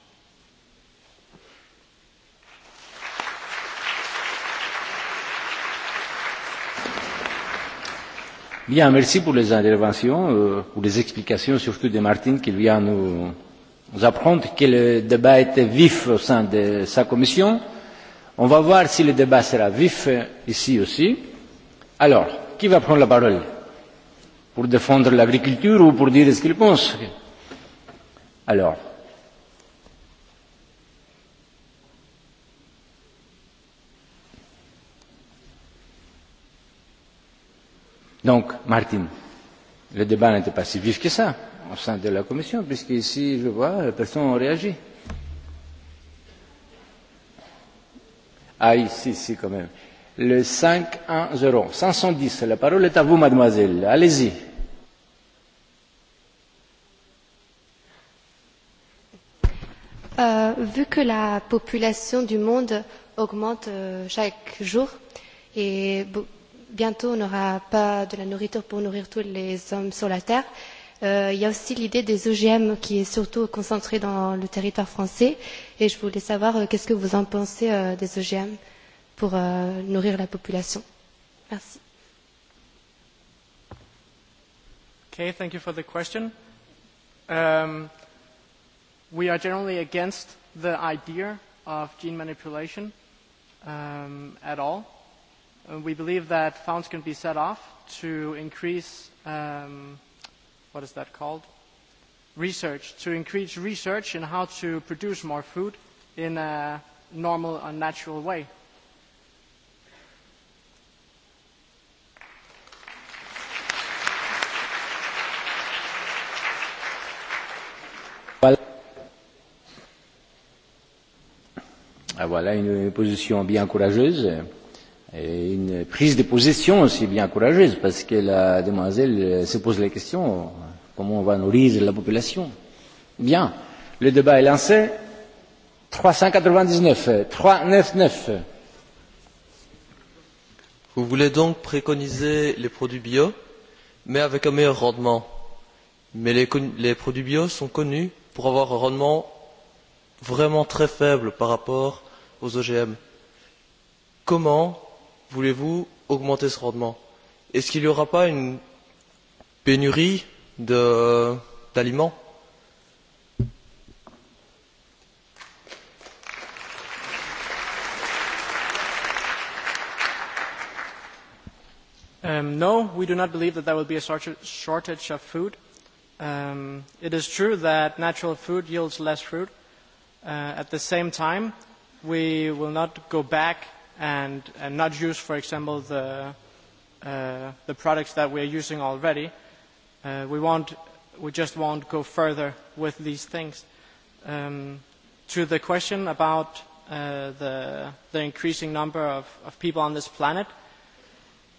Bien, merci pour les interventions, pour les explications, surtout de Martine, qui vient nous apprendre que le débat était vif au sein de sa commission On va voir si le débat sera vif ici aussi. Alors, qui va prendre la parole Pour défendre l'agriculture ou pour dire ce qu'il pense Alors. Donc, Martin, le débat n'était pas si vif que ça au sein de la Commission, puisque ici, je vois, personne n'a réagi. Ah, ici, quand même. Le 510. 510. La parole est à vous, mademoiselle. Allez-y. Vu que la population du monde augmente chaque jour et bientôt on n'aura pas de la nourriture pour nourrir tous les hommes sur la Terre, Il y a aussi l'idée des OGM qui est surtout concentrée dans le territoire français. Et je voulais savoir qu'est-ce que vous en pensez des OGM pour nourrir la population. Merci. Okay, thank you for the question. Um, we are generally against the idea of gene manipulation um, at all. We believe that funds can be set off to increase um, what is that called? Research to increase research in how to produce more food in a normal and natural way. Voilà une position bien courageuse une prise de position aussi bien courageuse parce que la demoiselle se pose la question comment on va nourrir la population. Bien, le débat est lancé. 399, 399. Vous voulez donc préconiser les produits bio, mais avec un meilleur rendement. Mais les, les produits bio sont connus pour avoir un rendement vraiment très faible par rapport aux OGM. Comment voulez-vous augmenter ce rendement Est-ce qu'il n'y aura pas une pénurie d'aliments No, we do not believe that there will be a shortage of food. It is true that natural food yields less fruit. At the same time, we will not go back and not use, for example, the the products that we are using already. We won't, we just won't go further with these things. To the question about the the increasing number of people on this planet,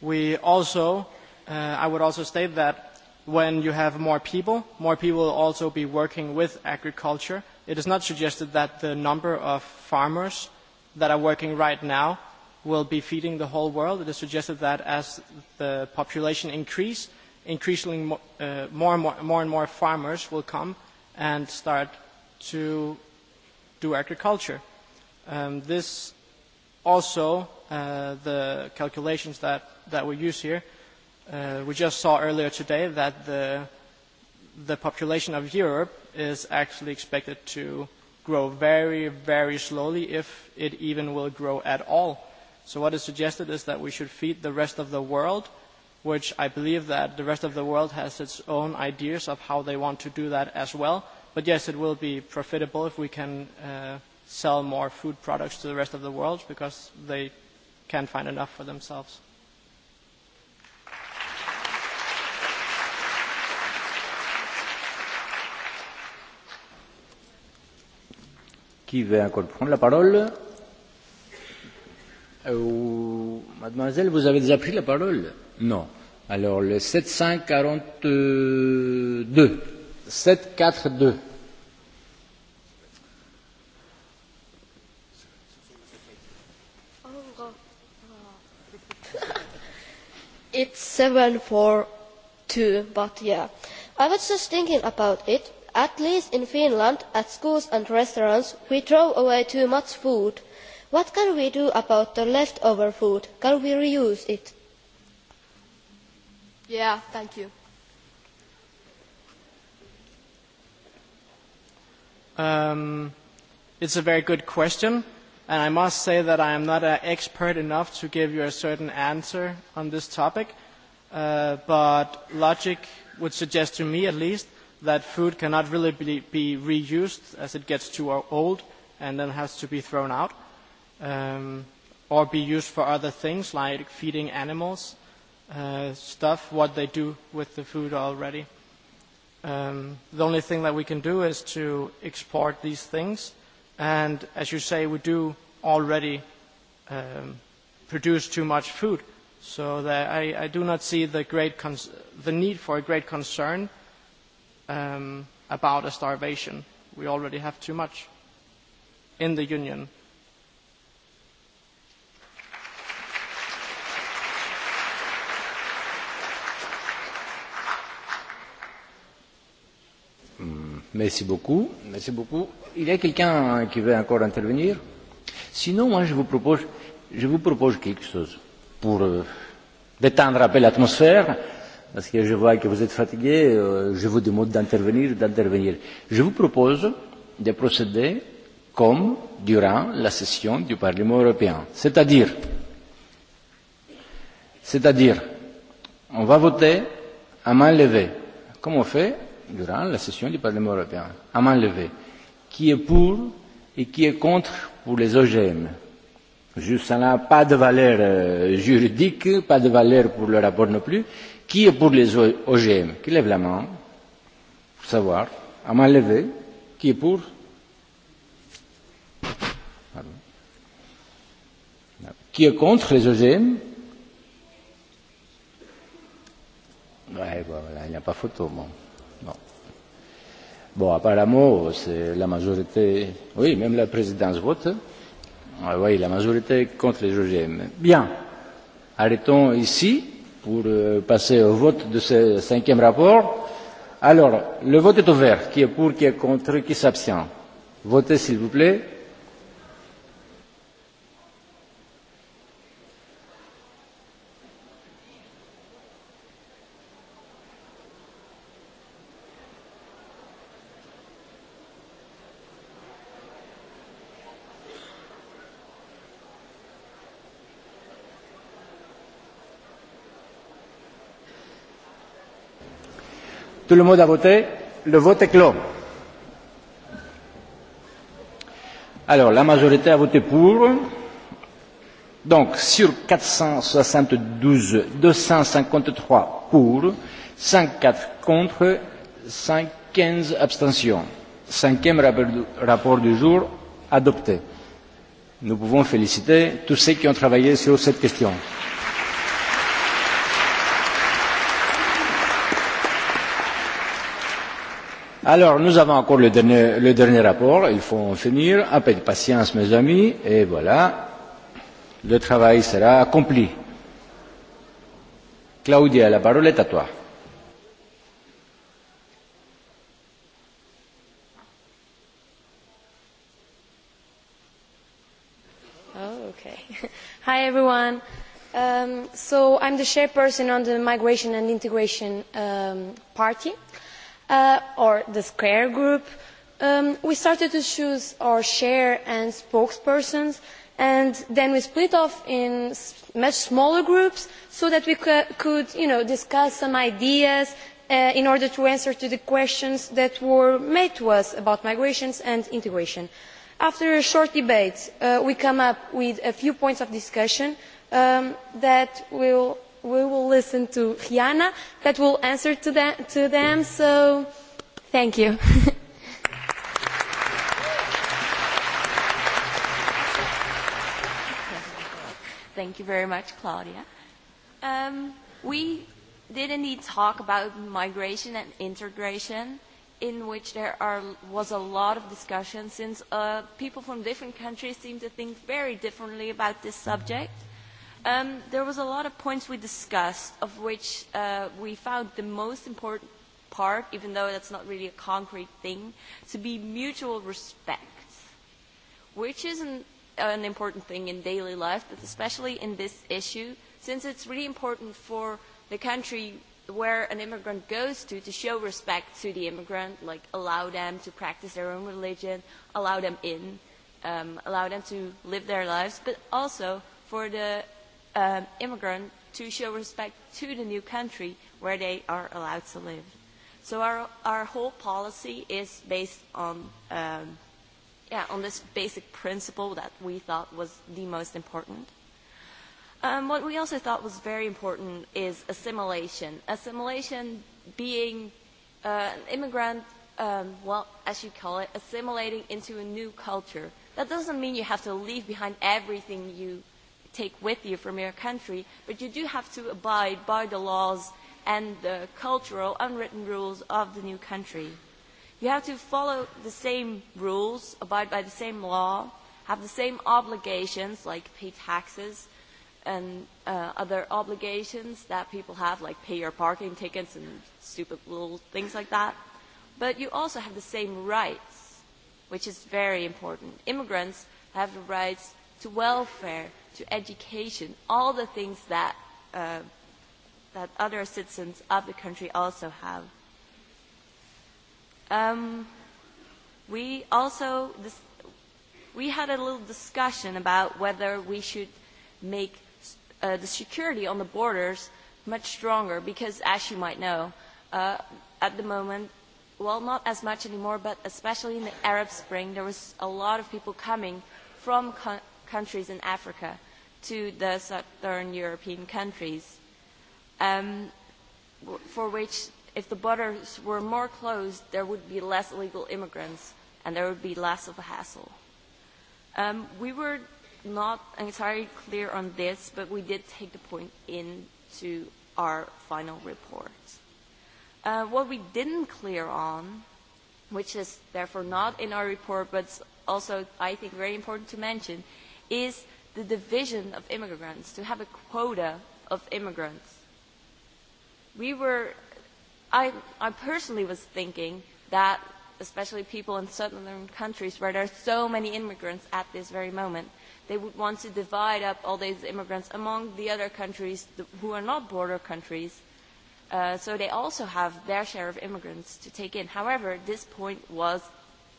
we also, I would also state that when you have more people, more people will also be working with agriculture. It is not suggested that the number of farmers that are working right now will be feeding the whole world. It is suggested that as the population increase, increasingly more and more farmers will come and start to do agriculture. This also, the calculations that that we use here, we just saw earlier today that the population of Europe is actually expected to grow very, very slowly, if it even will grow at all So what is suggested is that we should feed the rest of the world, which I believe that the rest of the world has its own ideas of how they want to do that as well. But yes, it will be profitable if we can sell more food products to the rest of the world because they can't find enough for themselves. Qui veut prendre la parole Mademoiselle, vous avez déjà pris la parole Non. Alors, le 742. 742. It's 742, but yeah. I was just thinking about it. At least in Finland, at schools and restaurants, we throw away too much food What can we do about the leftover food? Can we reuse it? Yeah, thank you. it's a very good question, and I must say that I am not an expert enough to give you a certain answer on this topic, but logic would suggest to me at least that food cannot really be reused as it gets too old and then has to be thrown out or be used for other things like feeding animals, stuff, what they do with the food already. The only thing that we can do is to export these things. And as you say, we do already produce too much food. So that I I do not see the great the need for a great concern about a starvation. We already have too much in the Union. Merci beaucoup. Merci beaucoup. Il y a quelqu'un qui veut encore intervenir Sinon, moi, je vous propose, je vous propose quelque chose pour détendre un peu l'atmosphère, parce que je vois que vous êtes fatigué. Je vous demande d'intervenir, d'intervenir. Je vous propose de procéder comme durant la session du Parlement européen, c'est-à-dire, c'est-à-dire, on va voter à main levée, comme on fait durant la session du Parlement européen. À main levée. Qui est pour et qui est contre pour les OGM ça n'a pas de valeur juridique, pas de valeur pour le rapport non plus. Qui est pour les OGM Qui lève la main Pour savoir. À main levée. Qui est pour Qui est contre les OGM Ouais, voilà, il n'y a pas photo, bon. Bon, apparemment, c'est la majorité. Oui, même la présidence vote. oui, la majorité contre les OGM. Bien. Arrêtons ici pour passer au vote de ce cinquième rapport. Alors, le vote est ouvert. Qui est pour, qui est contre, qui s'abstient Votez, s'il vous plaît. Tout le monde a voté Le vote est clos. Alors, la majorité a voté pour. Donc, sur 472, 253 pour, 54 contre, 515 abstentions. Cinquième rapport du jour adopté. Nous pouvons féliciter tous ceux qui ont travaillé sur cette question. Alors, nous avons encore le dernier, le dernier rapport. Il faut en finir. Un peu de patience, mes amis. Et voilà. Le travail sera accompli. Claudia, la parole est à toi. Hi, everyone. Um, so, I'm the chairperson on the Migration and Integration um, Party or the Square Group, we started to choose our chair and spokespersons, and then we split off in much smaller groups so that we could discuss some ideas in order to answer to the questions that were made to us about migration and integration. After a short debate, we come up with a few points of discussion that will we will listen to Rihanna that will answer to them. So thank you. Thank you very much, Claudia. We did indeed talk about migration and integration, in which there are, was a lot of discussion since people from different countries seem to think very differently about this subject There was a lot of points we discussed, of which we found the most important part, even though that's not really a concrete thing, to be mutual respect, which is an important thing in daily life, but especially in this issue, since it's really important for the country where an immigrant goes to to show respect to the immigrant, like allow them to practice their own religion, allow them in, allow them to live their lives, but also for the immigrant to show respect to the new country where they are allowed to live. So our our whole policy is based on yeah on this basic principle that we thought was the most important. What we also thought was very important is assimilation. Assimilation being an immigrant, well, as you call it, assimilating into a new culture. That doesn't mean you have to leave behind everything you take with you from your country, but you do have to abide by the laws and the cultural unwritten rules of the new country. You have to follow the same rules, abide by the same law, have the same obligations like pay taxes and other obligations that people have like pay your parking tickets and stupid little things like that. But you also have the same rights, which is very important. Immigrants have the rights to welfare to education, all the things that that other citizens of the country also have. Um, we also we had a little discussion about whether we should make the security on the borders much stronger because, as you might know, at the moment, well, not as much anymore, but especially in the Arab Spring, there was a lot of people coming from countries in Africa to the southern European countries, for which, if the borders were more closed, there would be less illegal immigrants and there would be less of a hassle. We were not entirely clear on this, but we did take the point into our final report. What we didn't clear on, which is therefore not in our report, but also I think very important to mention, is the division of immigrants, to have a quota of immigrants. We were, I, I personally was thinking that, especially people in southern countries where there are so many immigrants at this very moment, they would want to divide up all these immigrants among the other countries who are not border countries, so they also have their share of immigrants to take in. However, this point was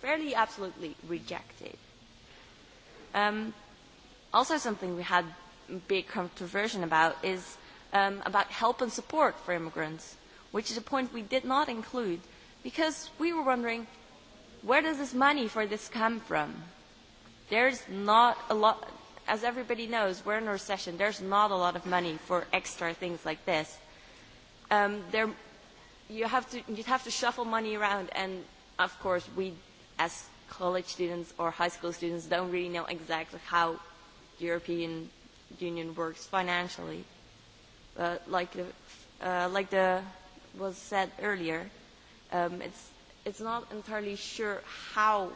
fairly absolutely rejected. Um, also something we had big controversy about is about help and support for immigrants, which is a point we did not include because we were wondering where does this money for this come from? There's not a lot, as everybody knows, we're in a recession. There's not a lot of money for extra things like this. Um, there, you have to, you'd have to shuffle money around, and of course, we as college students or high school students don't really know exactly how European Union works financially. But like the, like the was said earlier, um, it's it's not entirely sure how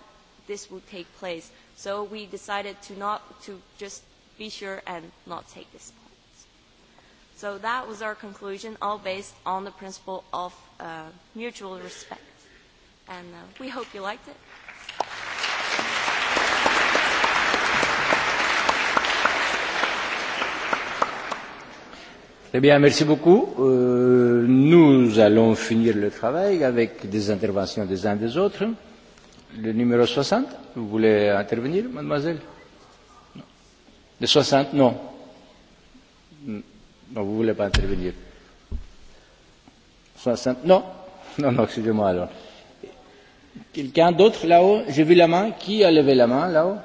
this will take place. So we decided to not to just be sure and not take this point. So that was our conclusion, all based on the principle of mutual respect. And we hope you liked it. Très bien, merci beaucoup. Nous allons finir le travail avec des interventions des uns des autres. Le numéro 60, vous voulez intervenir, mademoiselle Le 60, non. Non, vous ne voulez pas intervenir. 60, non. Non, non, excusez-moi alors. Quelqu'un d'autre là-haut J'ai vu la main. Qui a levé la main là-haut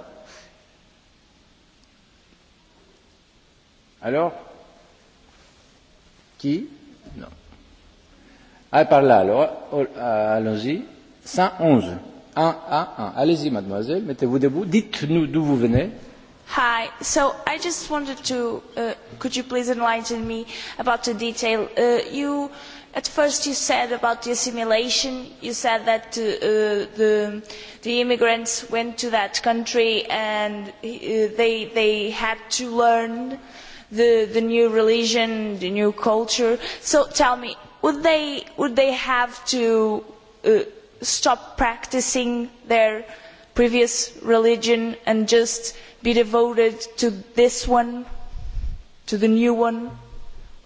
Alors Qui Non. Ah, par là, alors, allons-y. 111. 1 à 1. Allez-y, mademoiselle, mettez-vous debout. Dites-nous d'où vous venez. Hi. So I just wanted to, could you please enlighten me about the detail? You, at first you said about the assimilation. You said that the the immigrants went to that country and they they had to learn the new religion, the new culture. So tell me, would they would they have to stop practicing their previous religion and just be devoted to this one, to the new one?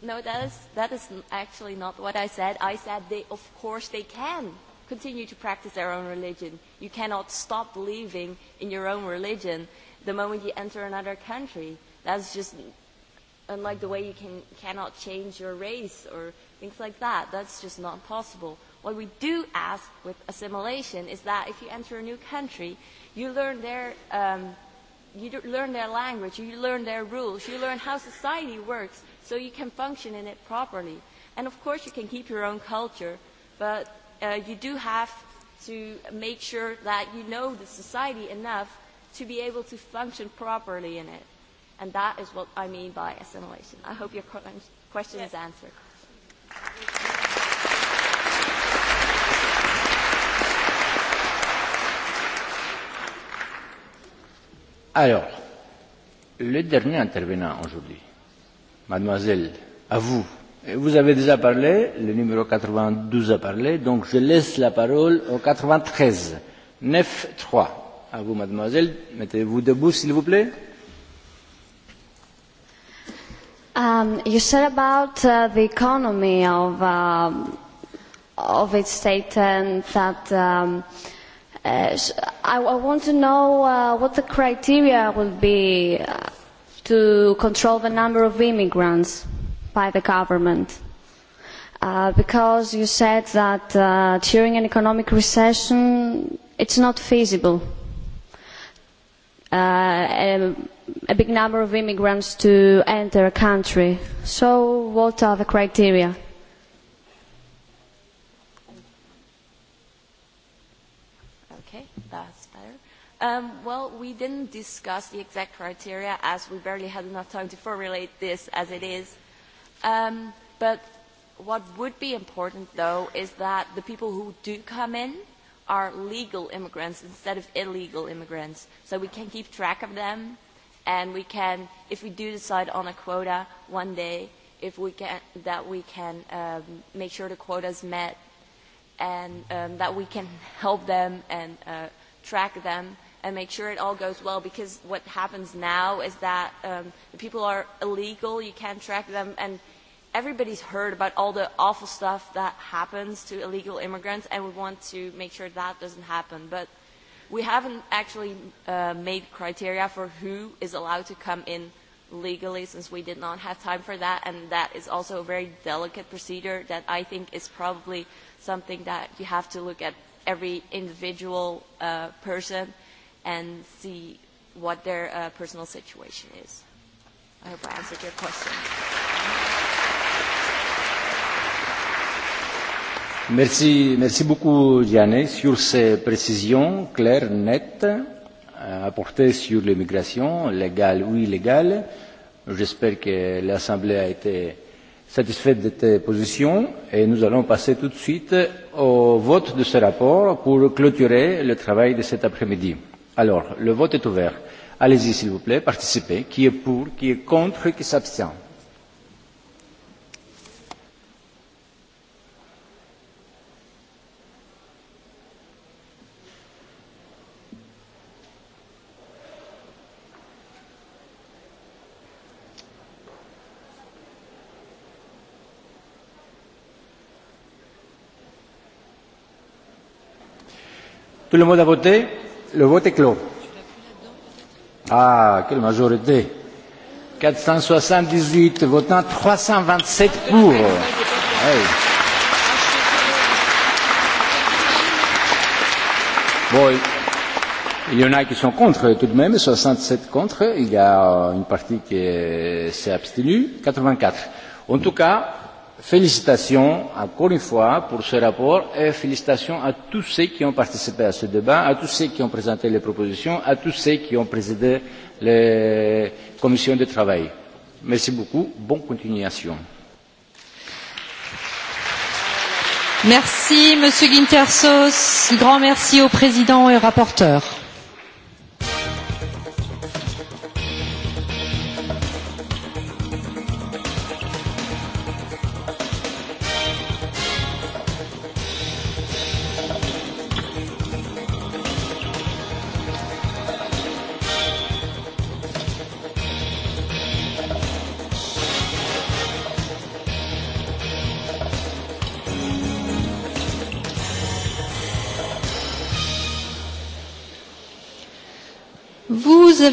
No, that is that is actually not what I said. I said they of course they can continue to practice their own religion. You cannot stop believing in your own religion the moment you enter another country. That's just unlike the way you can cannot change your race or things like that. That's just not possible. What we do ask with assimilation is that if you enter a new country, you learn their um, you learn their language, you learn their rules, you learn how society works, so you can function in it properly. And of course, you can keep your own culture, but uh, you do have to make sure that you know the society enough to be able to function properly in it. And that is what I mean by assimilation. I hope your question is answered. Alors, le dernier intervenant aujourd'hui, mademoiselle, à vous. Vous avez déjà parlé, le numéro 92 a parlé, donc je laisse la parole au 93, 9-3. À vous, mademoiselle, mettez-vous debout, s'il vous plaît. You said about the economy of of its state and that I want to know what the criteria will be to control the number of immigrants by the government. Because you said that during an economic recession it's not feasible a big number of immigrants to enter a country. So what are the criteria? Okay, that's better. Well, we didn't discuss the exact criteria as we barely had enough time to formulate this as it is. But what would be important, though, is that the people who do come in are legal immigrants instead of illegal immigrants. So we can keep track of them and we can, if we do decide on a quota one day, if we can, that we can um, make sure the quota is met and um, that we can help them and uh, track them and make sure it all goes well because what happens now is that um, the people are illegal, you can't track them, and everybody's heard about all the awful stuff that happens to illegal immigrants, and we want to make sure that doesn't happen. But We haven't actually made criteria for who is allowed to come in legally since we did not have time for that, and that is also a very delicate procedure that I think is probably something that you have to look at every individual person and see what their personal situation is. I hope I answered your question. Merci, merci beaucoup, Gianni, sur ces précisions claires, nettes, apportées sur l'immigration, légale ou illégale. J'espère que l'Assemblée a été satisfaite de tes positions et nous allons passer tout de suite au vote de ce rapport pour clôturer le travail de cet après-midi. Alors, le vote est ouvert. Allez-y, s'il vous plaît, participez. Qui est pour, qui est contre, qui s'abstient Tout le monde a voté Le vote est clos. Ah, quelle majorité 478 votants, 327 pour. Bon, il y en a qui sont contre tout de même, 67 contre. Il y a une partie qui s'est abstenue, 84. En tout cas, Félicitations encore une fois pour ce rapport et félicitations à tous ceux qui ont participé à ce débat, à tous ceux qui ont présenté les propositions, à tous ceux qui ont présidé les commissions de travail. Merci beaucoup. Bonne continuation. Merci, Monsieur Guintersos. Grand merci au Président et rapporteur.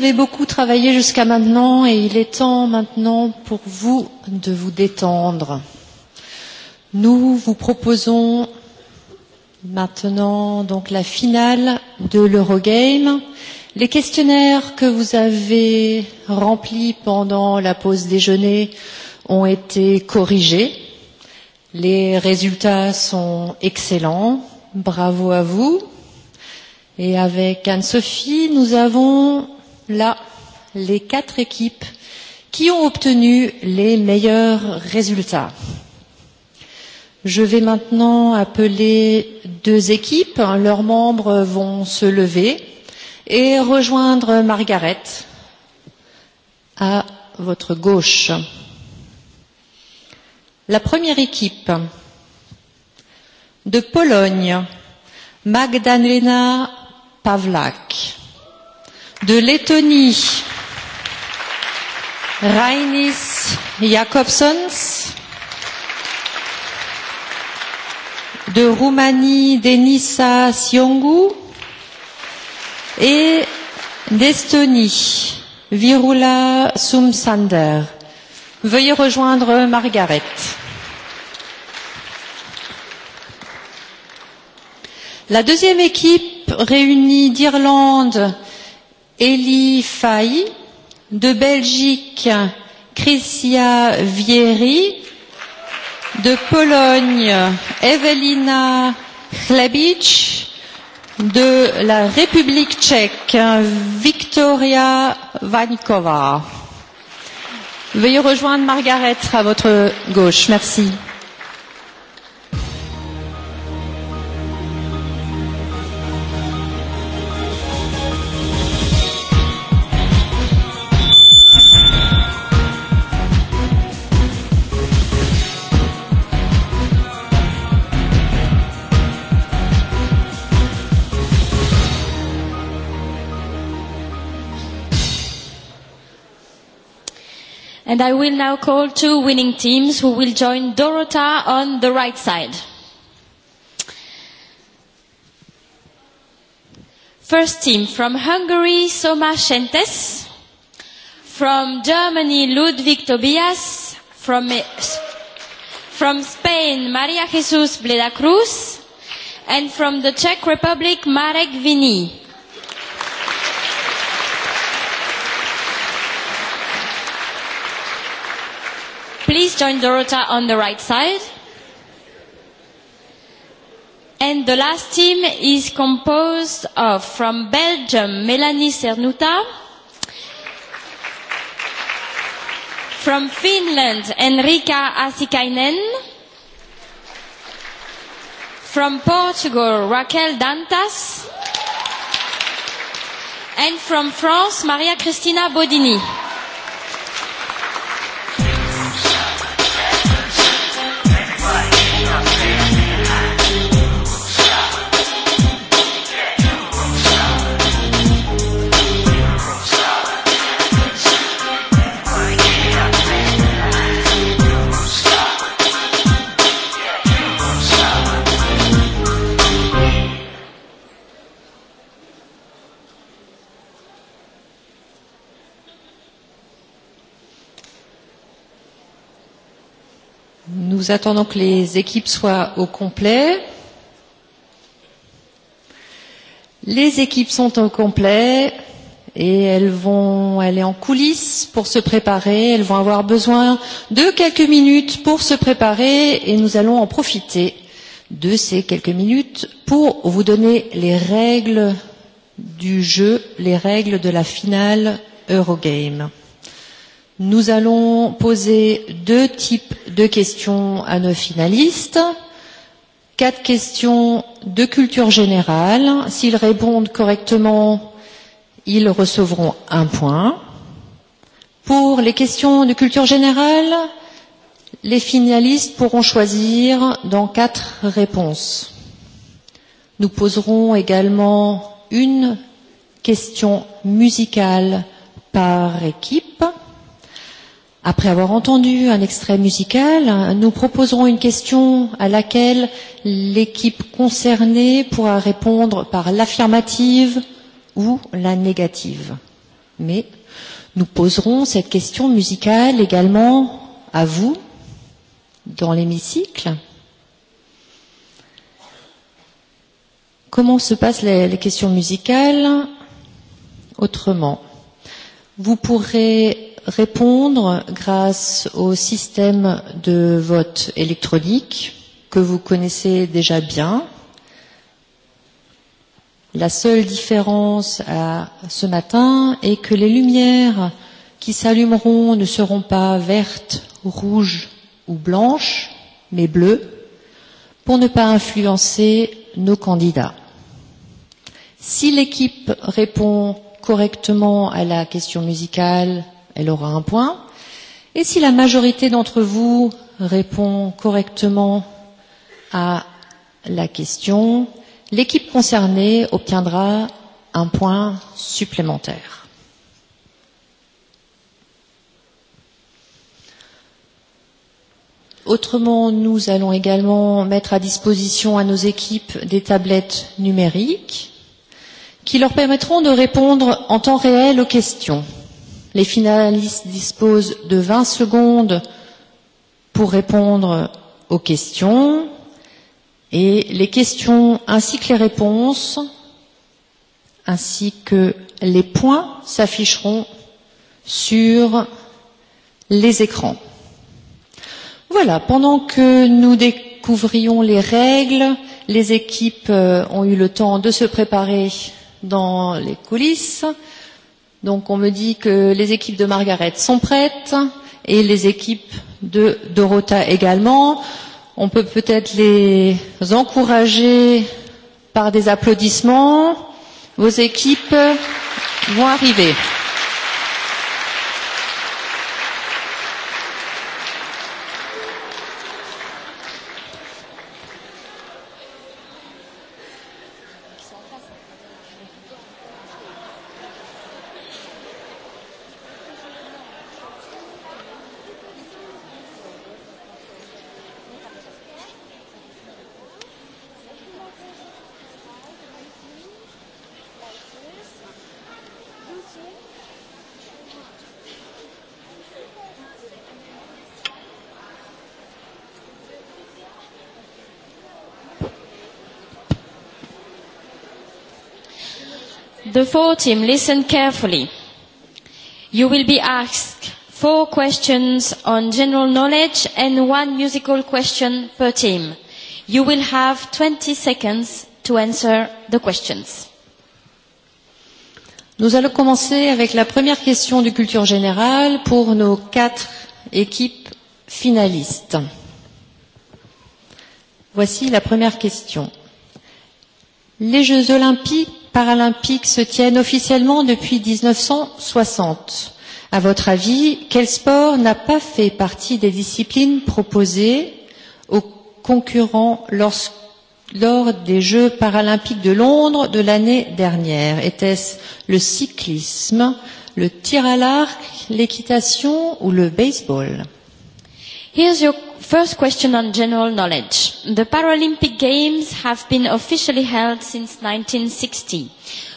avez beaucoup travaillé jusqu'à maintenant et il est temps maintenant pour vous de vous détendre. Nous vous proposons maintenant donc la finale de l'Eurogame. Les questionnaires que vous avez remplis pendant la pause déjeuner ont été corrigés. Les résultats sont excellents. Bravo à vous. Et avec Anne-Sophie, nous avons là les quatre équipes qui ont obtenu les meilleurs résultats. Je vais maintenant appeler deux équipes. Leurs membres vont se lever et rejoindre Margaret à votre gauche. La première équipe de Pologne, Magdalena Pavlak de Lettonie, Rainis Jakobsons, de Roumanie, Denisa Siongu, et d'Estonie, Virula Sumsander. Veuillez rejoindre Margaret. La deuxième équipe réunie d'Irlande, Elie Fay, de Belgique, Chrysia Vieri, de Pologne, Evelina Chlebic, de la République tchèque, Victoria Vankova. Veuillez rejoindre Margaret à votre gauche. Merci. And I will now call two winning teams who will join Dorota on the right side. First team from Hungary, Soma Shentes. From Germany, Ludwig Tobias. From, from Spain, Maria Jesus Bleda Cruz. And from the Czech Republic, Marek Vini. Please join Dorota on the right side. And the last team is composed of, from Belgium, Melanie Cernuta, from Finland, Enrika Asikainen, from Portugal, Raquel Dantas, and from France, Maria Cristina Bodini. Nous attendons que les équipes soient au complet. Les équipes sont au complet et elles vont aller en coulisses pour se préparer. Elles vont avoir besoin de quelques minutes pour se préparer et nous allons en profiter de ces quelques minutes pour vous donner les règles du jeu, les règles de la finale Eurogame. Nous allons poser deux types de questions à nos finalistes. Quatre questions de culture générale. S'ils répondent correctement, ils recevront un point. Pour les questions de culture générale, les finalistes pourront choisir dans quatre réponses. Nous poserons également une question musicale par équipe Après avoir entendu un extrait musical, nous proposerons une question à laquelle l'équipe concernée pourra répondre par l'affirmative ou la négative. Mais nous poserons cette question musicale également à vous, dans l'hémicycle. Comment se passent les questions musicales Autrement, vous pourrez répondre grâce au système de vote électronique que vous connaissez déjà bien. La seule différence à ce matin est que les lumières qui s'allumeront ne seront pas vertes, rouges ou blanches, mais bleues, pour ne pas influencer nos candidats. Si l'équipe répond correctement à la question musicale elle aura un point. Et si la majorité d'entre vous répond correctement à la question, l'équipe concernée obtiendra un point supplémentaire. Autrement, nous allons également mettre à disposition à nos équipes des tablettes numériques qui leur permettront de répondre en temps réel aux questions. Les finalistes disposent de 20 secondes pour répondre aux questions. Et les questions ainsi que les réponses, ainsi que les points s'afficheront sur les écrans. Voilà, pendant que nous découvrions les règles, les équipes ont eu le temps de se préparer dans les coulisses. Donc on me dit que les équipes de Margaret sont prêtes et les équipes de Dorota également. On peut peut-être les encourager par des applaudissements. Vos équipes vont arriver. The four team, listen carefully. You will be asked four questions on general knowledge and one musical question per team. You will have 20 seconds to answer the questions. Nous allons commencer avec la première question de culture générale pour nos quatre équipes finalistes. Voici la première question. Les Jeux olympiques paralympiques se tiennent officiellement depuis 1960. À votre avis, quel sport n'a pas fait partie des disciplines proposées aux concurrents lors des Jeux paralympiques de Londres de l'année dernière Était-ce le cyclisme, le tir à l'arc, l'équitation ou le baseball Here's your First question on general knowledge. The Paralympic Games have been officially held since 1960.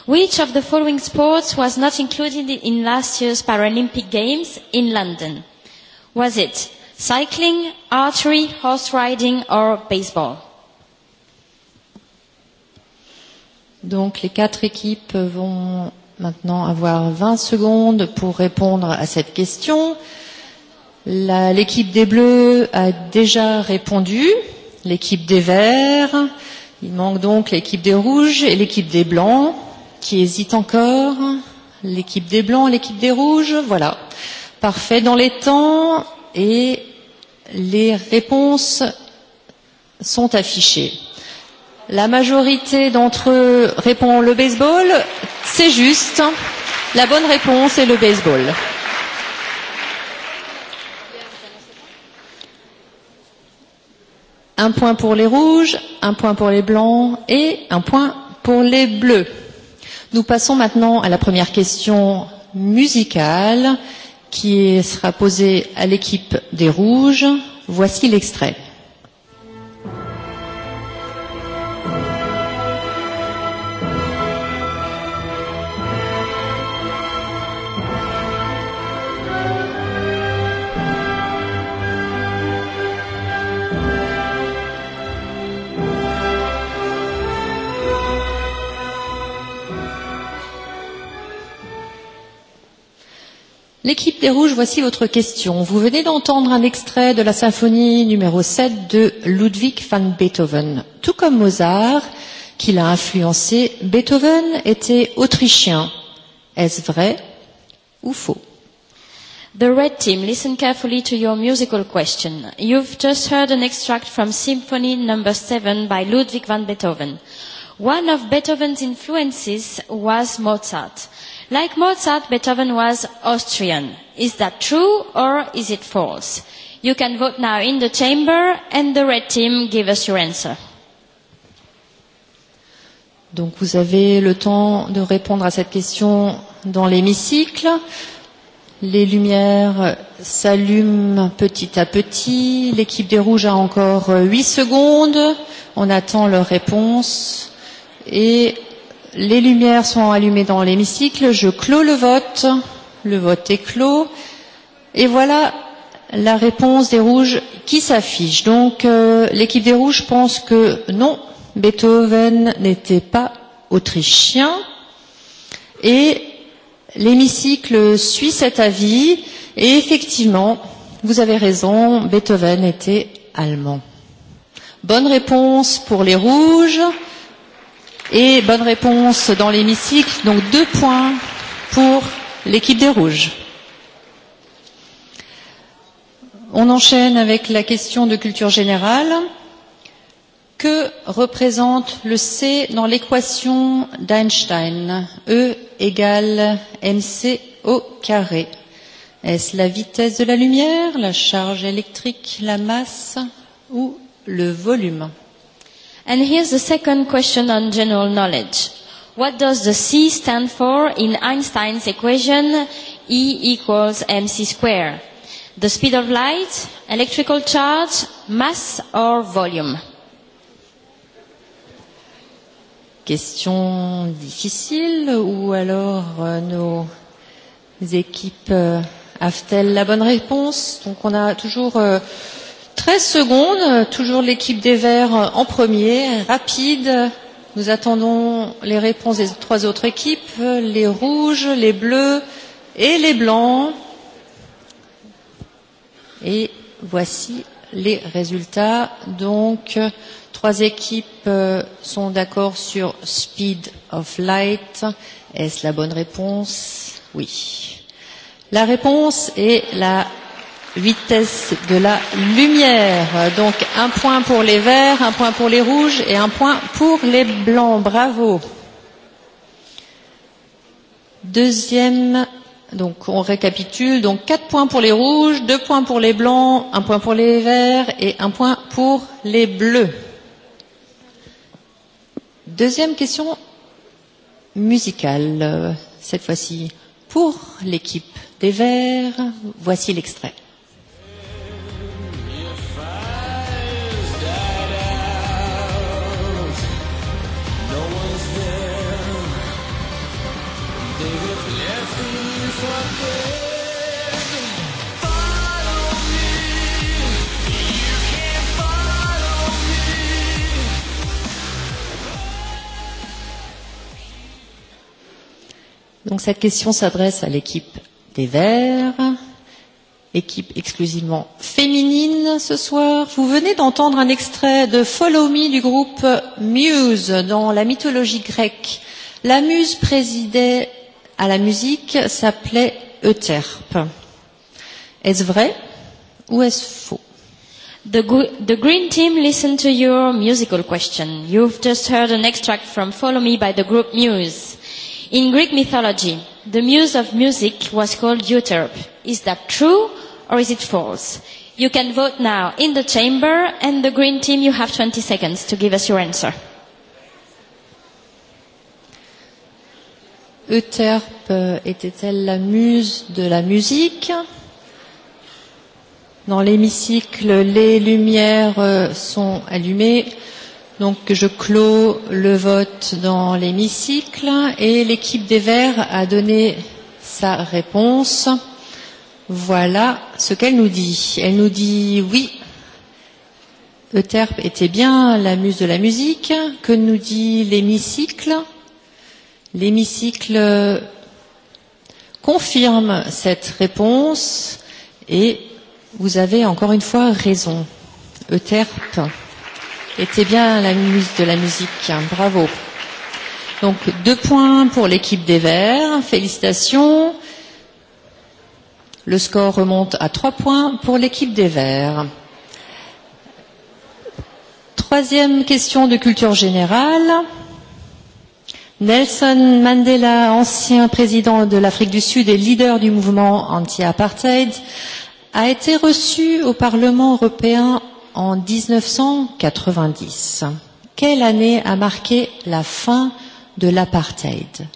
Which of the following sports was not included in last year's Paralympic Games in London? Was it cycling, archery, horse riding or baseball? Donc les quatre équipes vont maintenant avoir 20 secondes pour répondre à cette question. L'équipe des Bleus a déjà répondu, l'équipe des Verts, il manque donc l'équipe des Rouges et l'équipe des Blancs, qui hésite encore, l'équipe des Blancs, l'équipe des Rouges, voilà. Parfait dans les temps et les réponses sont affichées. La majorité d'entre eux répond le baseball, c'est juste, la bonne réponse est le baseball. Un point pour les rouges, un point pour les blancs et un point pour les bleus. Nous passons maintenant à la première question musicale qui sera posée à l'équipe des rouges. Voici l'extrait. Desrouges, voici votre question. Vous venez d'entendre un extrait de la symphonie numéro 7 de Ludwig van Beethoven. Tout comme Mozart, qui l'a influencé, Beethoven était autrichien. Est-ce vrai ou faux? The red team, listen carefully to your musical question. You've just heard an extract from Symphony No. 7 by Ludwig van Beethoven. One of Beethoven's influences was Mozart. Like Mozart, Beethoven was Austrian. Is that true or is it false? You can vote now in the chamber and the red team give us your answer. Donc vous avez le temps de répondre à cette question dans l'hémicycle. Les lumières s'allument petit à petit. L'équipe des rouges a encore 8 secondes. On attend leur réponse. Et Les lumières sont allumées dans l'hémicycle. Je clôt le vote. Le vote est clos. Et voilà la réponse des rouges qui s'affiche. Donc l'équipe des rouges pense que non, Beethoven n'était pas autrichien. Et l'hémicycle suit cet avis. Et effectivement, vous avez raison, Beethoven était allemand. Bonne réponse pour les rouges. Et bonne réponse dans l'hémicycle. Donc deux points pour l'équipe des Rouges. On enchaîne avec la question de culture générale. Que représente le C dans l'équation d'Einstein E égale mc au carré. Est-ce la vitesse de la lumière, la charge électrique, la masse ou le volume And here's the second question on general knowledge. What does the C stand for in Einstein's equation E equals mc squared? The speed of light, electrical charge, mass or volume? Question difficile ou alors nos équipes elles la bonne réponse Donc on a toujours 13 secondes, toujours l'équipe des Verts en premier, rapide. Nous attendons les réponses des trois autres équipes, les rouges, les bleus et les blancs. Et voici les résultats. Donc, trois équipes sont d'accord sur Speed of Light. Est-ce la bonne réponse Oui. La réponse est la vitesse de la lumière. Donc un point pour les verts, un point pour les rouges et un point pour les blancs. Bravo. Deuxième, donc on récapitule. Donc quatre points pour les rouges, deux points pour les blancs, un point pour les verts et un point pour les bleus. Deuxième question musicale, cette fois-ci. Pour l'équipe des Verts, voici l'extrait. Donc cette question s'adresse à l'équipe des Verts, équipe exclusivement féminine ce soir. Vous venez d'entendre un extrait de Follow Me du groupe Muse dans la mythologie grecque. La muse présidait à la musique s'appelait Euterpe. Est-ce vrai ou est-ce faux? The, Green Team listen to your musical question. You've just heard an extract from Follow Me by the group Muse. In Greek mythology, the muse of music was called Euterpe. Is that true or is it false? You can vote now in the chamber and the green team you have 20 seconds to give us your answer. Euterpe était-elle la muse de la musique Dans l'hémicycle, les lumières sont allumées. Donc je clôt le vote dans l'hémicycle et l'équipe des Verts a donné sa réponse. Voilà ce qu'elle nous dit. Elle nous dit oui, Euterpe était bien la muse de la musique. Que nous dit l'hémicycle L'hémicycle confirme cette réponse et vous avez encore une fois raison. Euterpe était bien la musique de la musique. Bravo. Donc deux points pour l'équipe des Verts. Félicitations. Le score remonte à trois points pour l'équipe des Verts. Troisième question de culture générale. Nelson Mandela, ancien président de l'Afrique du Sud et leader du mouvement anti-apartheid, a été reçu au Parlement européen en 1990. Quelle année a marqué la fin de l'apartheid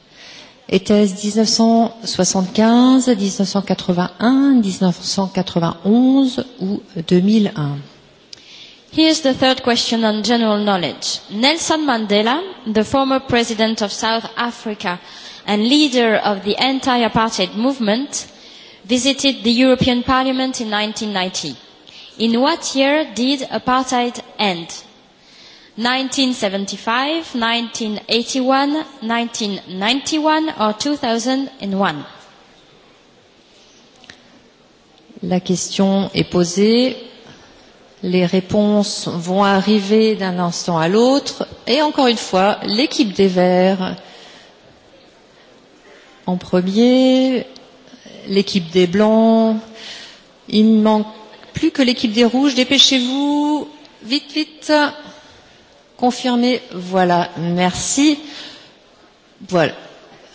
Était-ce 1975, 1981, 1991 ou 2001 Here's the third question on general knowledge. Nelson Mandela, the former president of South Africa and leader of the anti-apartheid movement, visited the European Parliament in 1990. In what year did apartheid end? 1975, 1981, 1991 or 2001 La question est posée. Les réponses vont arriver d'un instant à l'autre. Et encore une fois, l'équipe des Verts en premier, l'équipe des Blancs. Il manque plus que l'équipe des rouges. Dépêchez-vous. Vite, vite. Confirmez. Voilà. Merci. Voilà.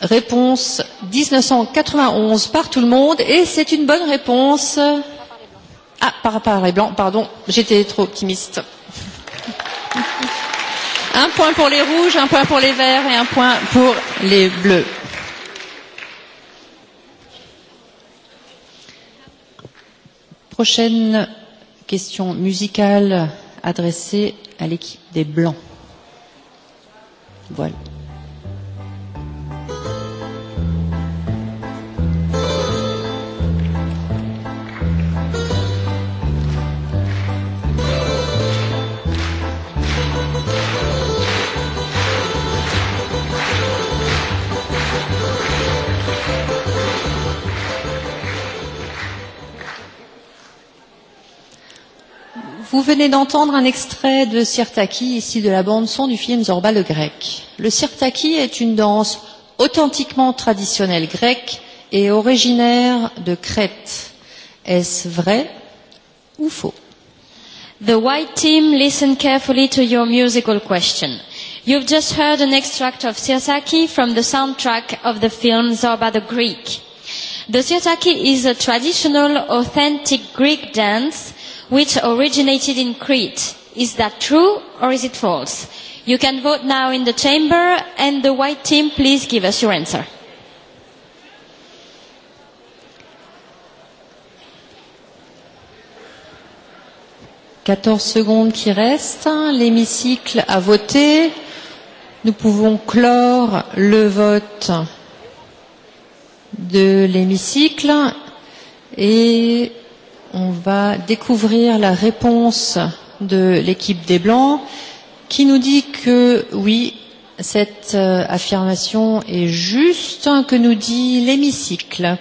Réponse 1991 par tout le monde. Et c'est une bonne réponse. Ah, par rapport et blanc, pardon. J'étais trop optimiste. Un point pour les rouges, un point pour les verts et un point pour les bleus. Prochaine question musicale adressée à l'équipe des Blancs. Voilà. Vous venez d'entendre un extrait de Sirtaki, ici de la bande-son du film Zorba le grec. Le Sirtaki est une danse authentiquement traditionnelle grecque et originaire de Crète. Est-ce vrai ou faux The white team, listen carefully to your musical question. You've just heard an extract of Sirtaki from the soundtrack of the film Zorba the Greek. The Sirtaki is a traditional, authentic Greek dance which originated in Crete. Is that true or is it false? You can vote now in the chamber and the white team, please give us your answer. Quatorze secondes qui restent. L'hémicycle a voté. Nous pouvons clore le vote de l'hémicycle et on va découvrir la réponse de l'équipe des Blancs qui nous dit que oui, cette affirmation est juste, que nous dit l'hémicycle.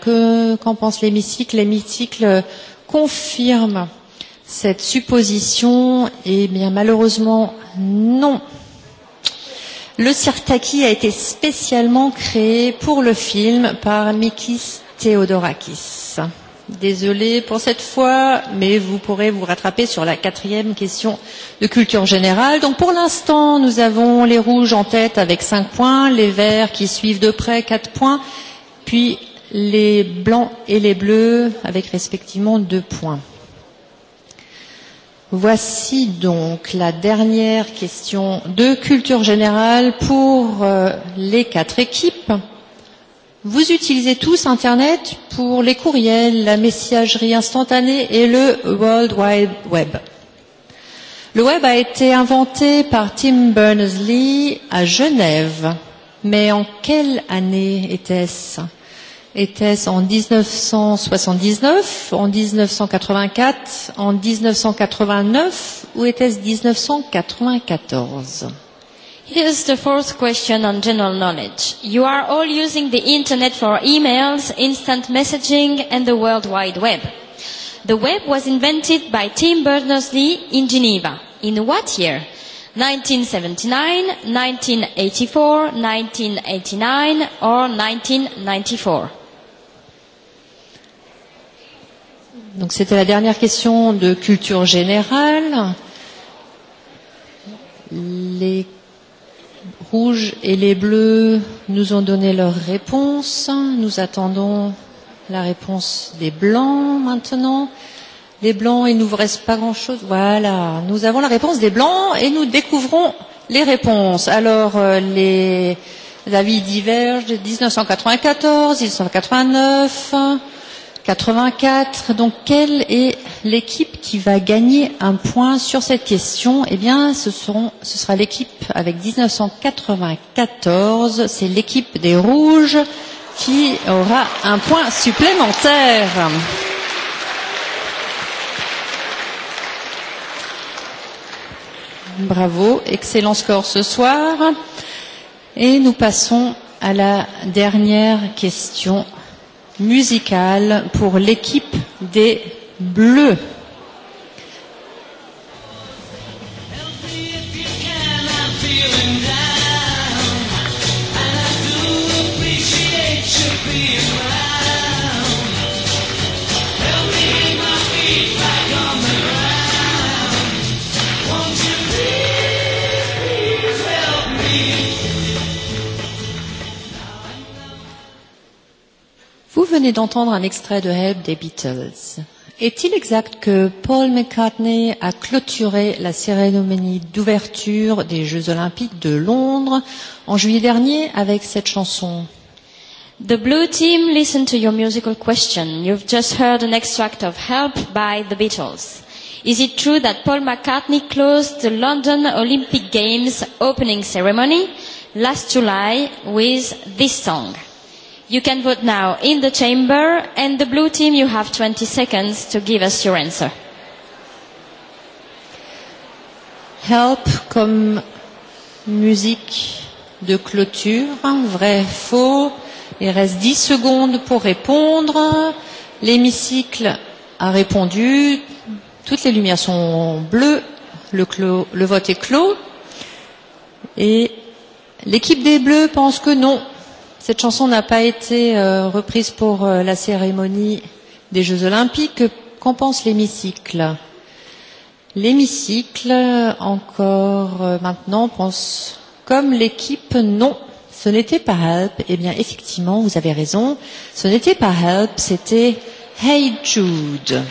Qu'en pense l'hémicycle L'hémicycle confirme cette supposition et bien malheureusement non. Le Sirtaki a été spécialement créé pour le film par Mikis Theodorakis. Désolé pour cette fois, mais vous pourrez vous rattraper sur la quatrième question de culture générale. Donc pour l'instant, nous avons les rouges en tête avec 5 points, les verts qui suivent de près 4 points, puis les blancs et les bleus avec respectivement 2 points. Voici donc la dernière question de culture générale pour les quatre équipes. Vous utilisez tous Internet pour les courriels, la messagerie instantanée et le World Wide Web. Le web a été inventé par Tim Berners-Lee à Genève. Mais en quelle année était-ce Était-ce en 1979, en 1984, en 1989 ou était-ce 1994 Here's the fourth question on general knowledge. You are all using the internet for emails, instant messaging, and the World Wide Web. The web was invented by Tim Berners-Lee in Geneva. In what year? 1979, 1984, 1989, or 1994? Donc c'était la dernière question de culture générale. Les rouges et les bleus nous ont donné leur réponse. Nous attendons la réponse des blancs maintenant. Les blancs, il ne nous reste pas grand-chose. Voilà, nous avons la réponse des blancs et nous découvrons les réponses. Alors, les avis divergent de 1994, 1989. 84. Donc, quelle est l'équipe qui va gagner un point sur cette question Eh bien, ce, seront, ce sera l'équipe avec 1994. C'est l'équipe des Rouges qui aura un point supplémentaire. Bravo, excellent score ce soir. Et nous passons à la dernière question musicale pour l'équipe des Bleus. Vous venez d'entendre un extrait de Help des Beatles. Est-il exact que Paul McCartney a clôturé la cérémonie d'ouverture des Jeux Olympiques de Londres en juillet dernier avec cette chanson The blue team, listen to your musical question. You've just heard an extract of Help by the Beatles. Is it true that Paul McCartney closed the London Olympic Games opening ceremony last July with this song? You can vote now in the chamber, and the blue team, you have 20 seconds to give us your answer. Help comme musique de clôture, vrai, faux. Il reste 10 secondes pour répondre. L'hémicycle a répondu. Toutes les lumières sont bleues. Le, le vote est clos. Et l'équipe des Bleus pense que non. Cette chanson n'a pas été reprise pour la cérémonie des Jeux Olympiques. Qu'en pense l'hémicycle L'hémicycle, encore maintenant, pense comme l'équipe, non, ce n'était pas Help. Eh bien, effectivement, vous avez raison, ce n'était pas Help, c'était Hey Jude.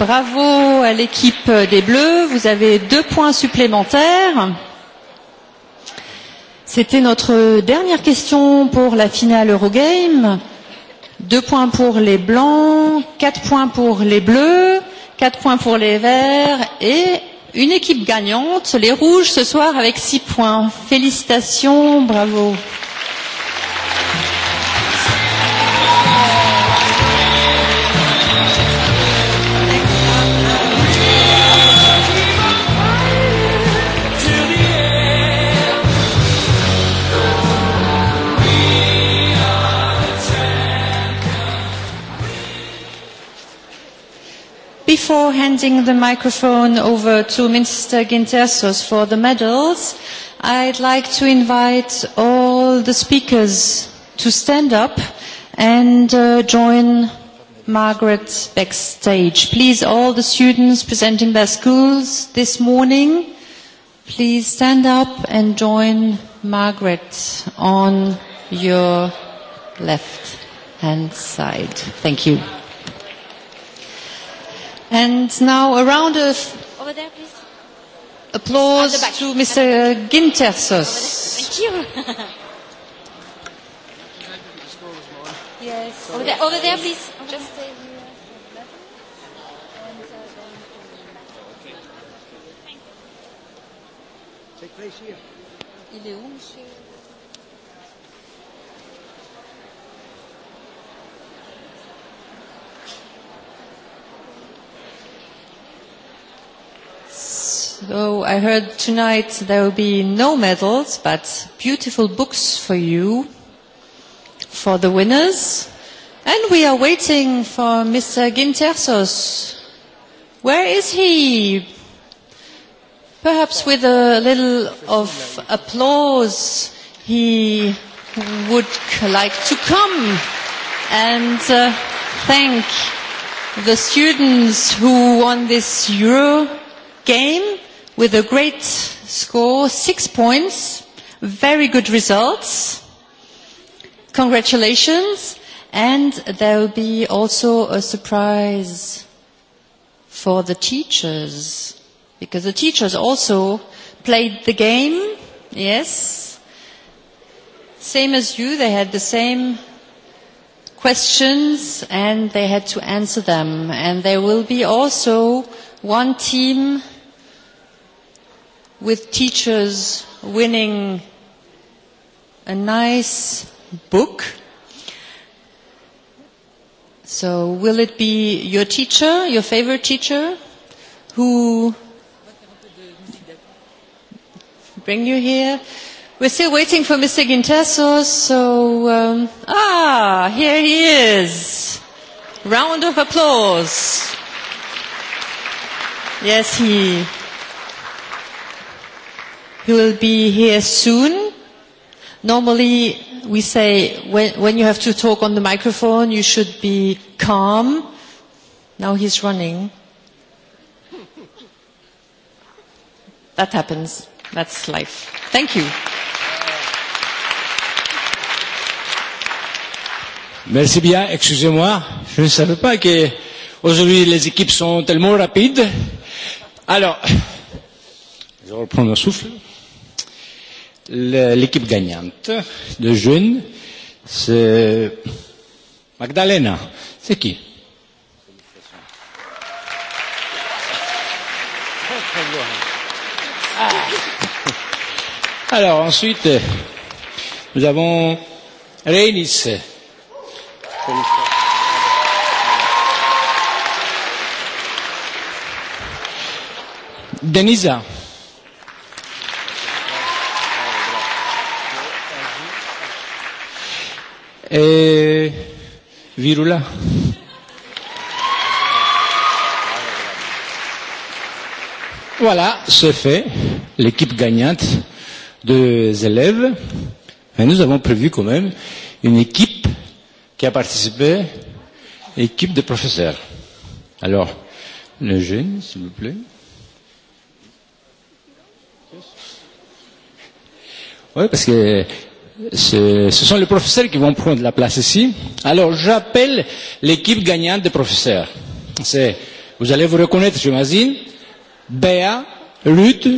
Bravo à l'équipe des Bleus, vous avez deux points supplémentaires. C'était notre dernière question pour la finale Eurogame. Deux points pour les blancs, quatre points pour les bleus, quatre points pour les verts et une équipe gagnante, les rouges ce soir avec six points. Félicitations, bravo. before handing the microphone over to Minister Gintersos for the medals, I'd like to invite all the speakers to stand up and join Margaret backstage. Please, all the students presenting their schools this morning, please stand up and join Margaret on your left hand side. Thank you. And now a round of Over there, please. applause to Mr. Gintersos. Thank you. yes. Over there, over there please. Just stay here. Take place here. So I heard tonight there will be no medals, but beautiful books for you, for the winners. And we are waiting for Mr. Gintersos. Where is he? Perhaps with a little of applause, he would like to come and thank the students who won this Euro game with a great score, six points, very good results. Congratulations. And there will be also a surprise for the teachers, because the teachers also played the game, yes. Same as you, they had the same questions and they had to answer them. And there will be also one team with teachers winning a nice book. So will it be your teacher, your favorite teacher, who bring you here? We're still waiting for Mr. Gintesso, so, um, ah, here he is. Round of applause. Yes, he He will be here soon. Normally, we say when you have to talk on the microphone, you should be calm. Now he's running. That happens. That's life. Thank you. Merci bien. Excusez-moi. Je ne savais pas que aujourd'hui les équipes sont tellement rapides. Alors, je reprends mon souffle l'équipe gagnante de jeunes, c'est Magdalena. C'est qui Alors ensuite, nous avons Reynis. Denisa. Et Virula. Voilà, c'est fait. L'équipe gagnante des élèves. Mais nous avons prévu quand même une équipe qui a participé, équipe de professeurs. Alors, le jeune, s'il vous plaît. Oui, parce que ce sont les professeurs qui vont prendre la place ici. Alors, j'appelle l'équipe gagnante des professeurs. C'est, vous allez vous reconnaître, j'imagine, Béa, Ruth,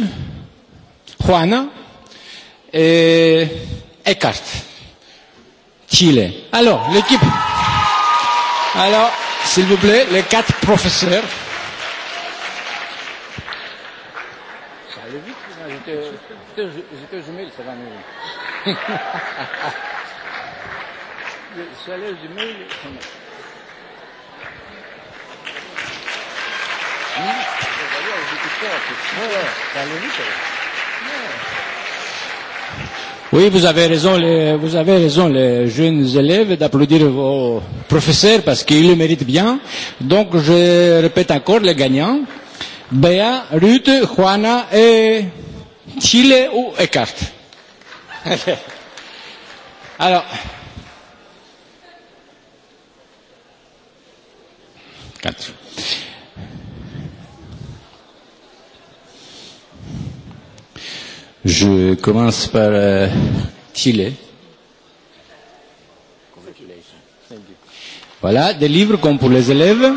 Juana et Eckhart. Chile. Alors, l'équipe. Alors, s'il vous plaît, les quatre professeurs. ça va mieux. Oui, vous avez raison, les, vous avez raison, les jeunes élèves, d'applaudir vos professeurs parce qu'ils le méritent bien. Donc, je répète encore les gagnants. Béa, Ruth, Juana et Chile ou Eckhart. Alors, quatre. Je commence par euh, Chile. Voilà, des livres comme pour les élèves.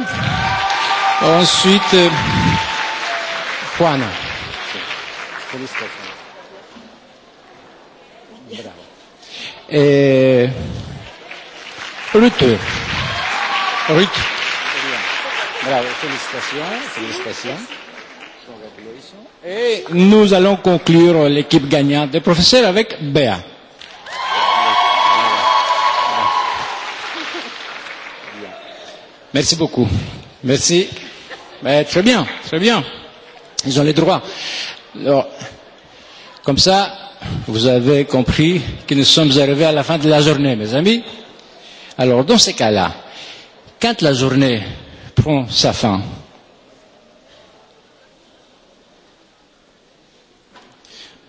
Ensuite, euh, Juana. Félicitations. et Ruth. Ruth. Bravo, félicitations, félicitations. Et nous allons conclure l'équipe gagnante des professeurs avec Béa. Merci beaucoup. Merci. Mais très bien, très bien. Ils ont les droits. Alors, comme ça, vous avez compris que nous sommes arrivés à la fin de la journée, mes amis. Alors, dans ces cas-là, quand la journée prend sa fin,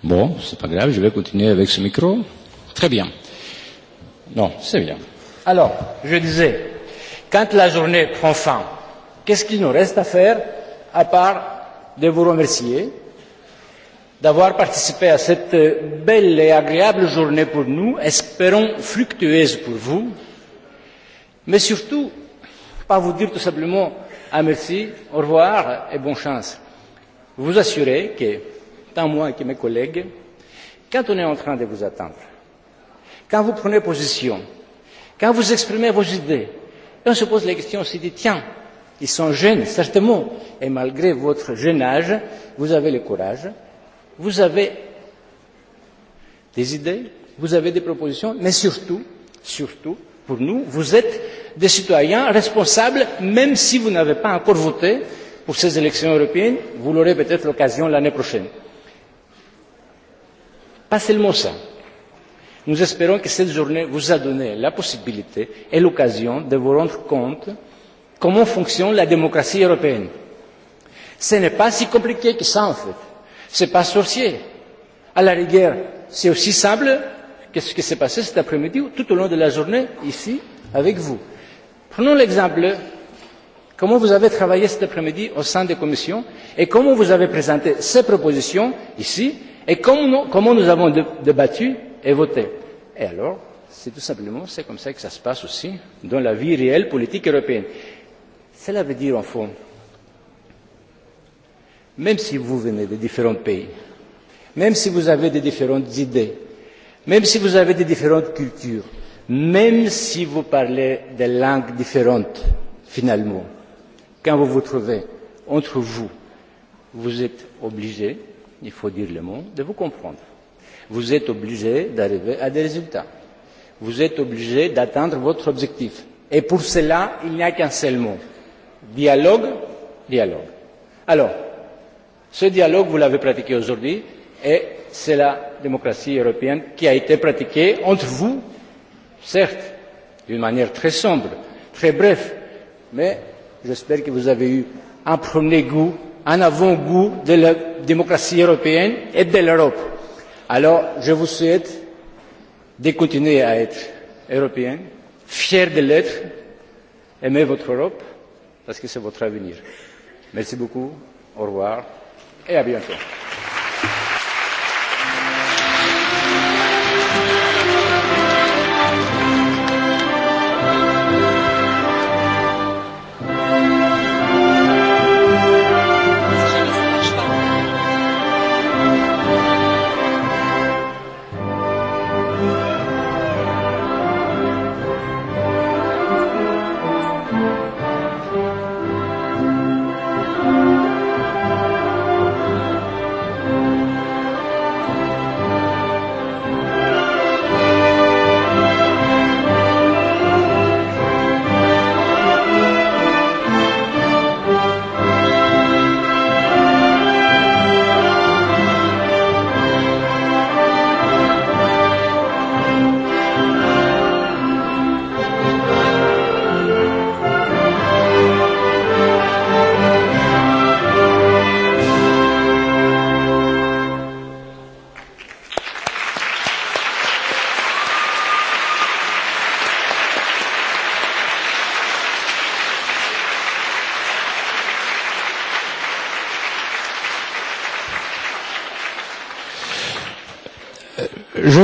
Bon, c'est pas grave, je vais continuer avec ce micro. Très bien. Non, c'est bien. Alors, je disais, quand la journée prend fin, qu'est-ce qu'il nous reste à faire à part de vous remercier d'avoir participé à cette belle et agréable journée pour nous, espérons fructueuse pour vous, mais surtout, pas vous dire tout simplement un merci, au revoir et bonne chance. Vous assurer que, tant moi que mes collègues, quand on est en train de vous attendre, quand vous prenez position, quand vous exprimez vos idées, on se pose la question, on se dit, tiens, ils sont jeunes, certainement, et malgré votre jeune âge, vous avez le courage, vous avez des idées, vous avez des propositions, mais surtout, surtout, pour nous, vous êtes des citoyens responsables, même si vous n'avez pas encore voté pour ces élections européennes, vous l'aurez peut-être l'occasion l'année prochaine. Pas seulement ça. Nous espérons que cette journée vous a donné la possibilité et l'occasion de vous rendre compte comment fonctionne la démocratie européenne. Ce n'est pas si compliqué que ça, en fait Ce n'est pas sorcier. À la rigueur, c'est aussi simple que ce qui s'est passé cet après-midi tout au long de la journée ici avec vous. Prenons l'exemple comment vous avez travaillé cet après-midi au sein des commissions et comment vous avez présenté ces propositions ici et comment nous avons débattu et voté. Et alors, c'est tout simplement, c'est comme ça que ça se passe aussi dans la vie réelle politique européenne. Cela veut dire, en fond, même si vous venez de différents pays, même si vous avez de différentes idées, même si vous avez de différentes cultures, même si vous parlez des langues différentes, finalement, quand vous vous trouvez entre vous, vous êtes obligé, il faut dire le mot, de vous comprendre. Vous êtes obligé d'arriver à des résultats. Vous êtes obligé d'atteindre votre objectif. Et pour cela, il n'y a qu'un seul mot. Dialogue, dialogue. Alors, Ce dialogue, vous l'avez pratiqué aujourd'hui, et c'est la démocratie européenne qui a été pratiquée entre vous, certes, d'une manière très sombre, très breve, mais j'espère que vous avez eu un premier goût, un avant-goût de la démocratie européenne et de l'Europe. Alors, je vous souhaite de continuer à être européen, fier de l'être, aimer votre Europe, parce que c'est votre avenir. Merci beaucoup. Au revoir E à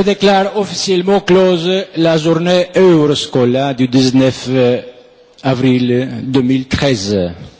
Je déclare officiellement close la journée Euroscola du 19 avril 2013.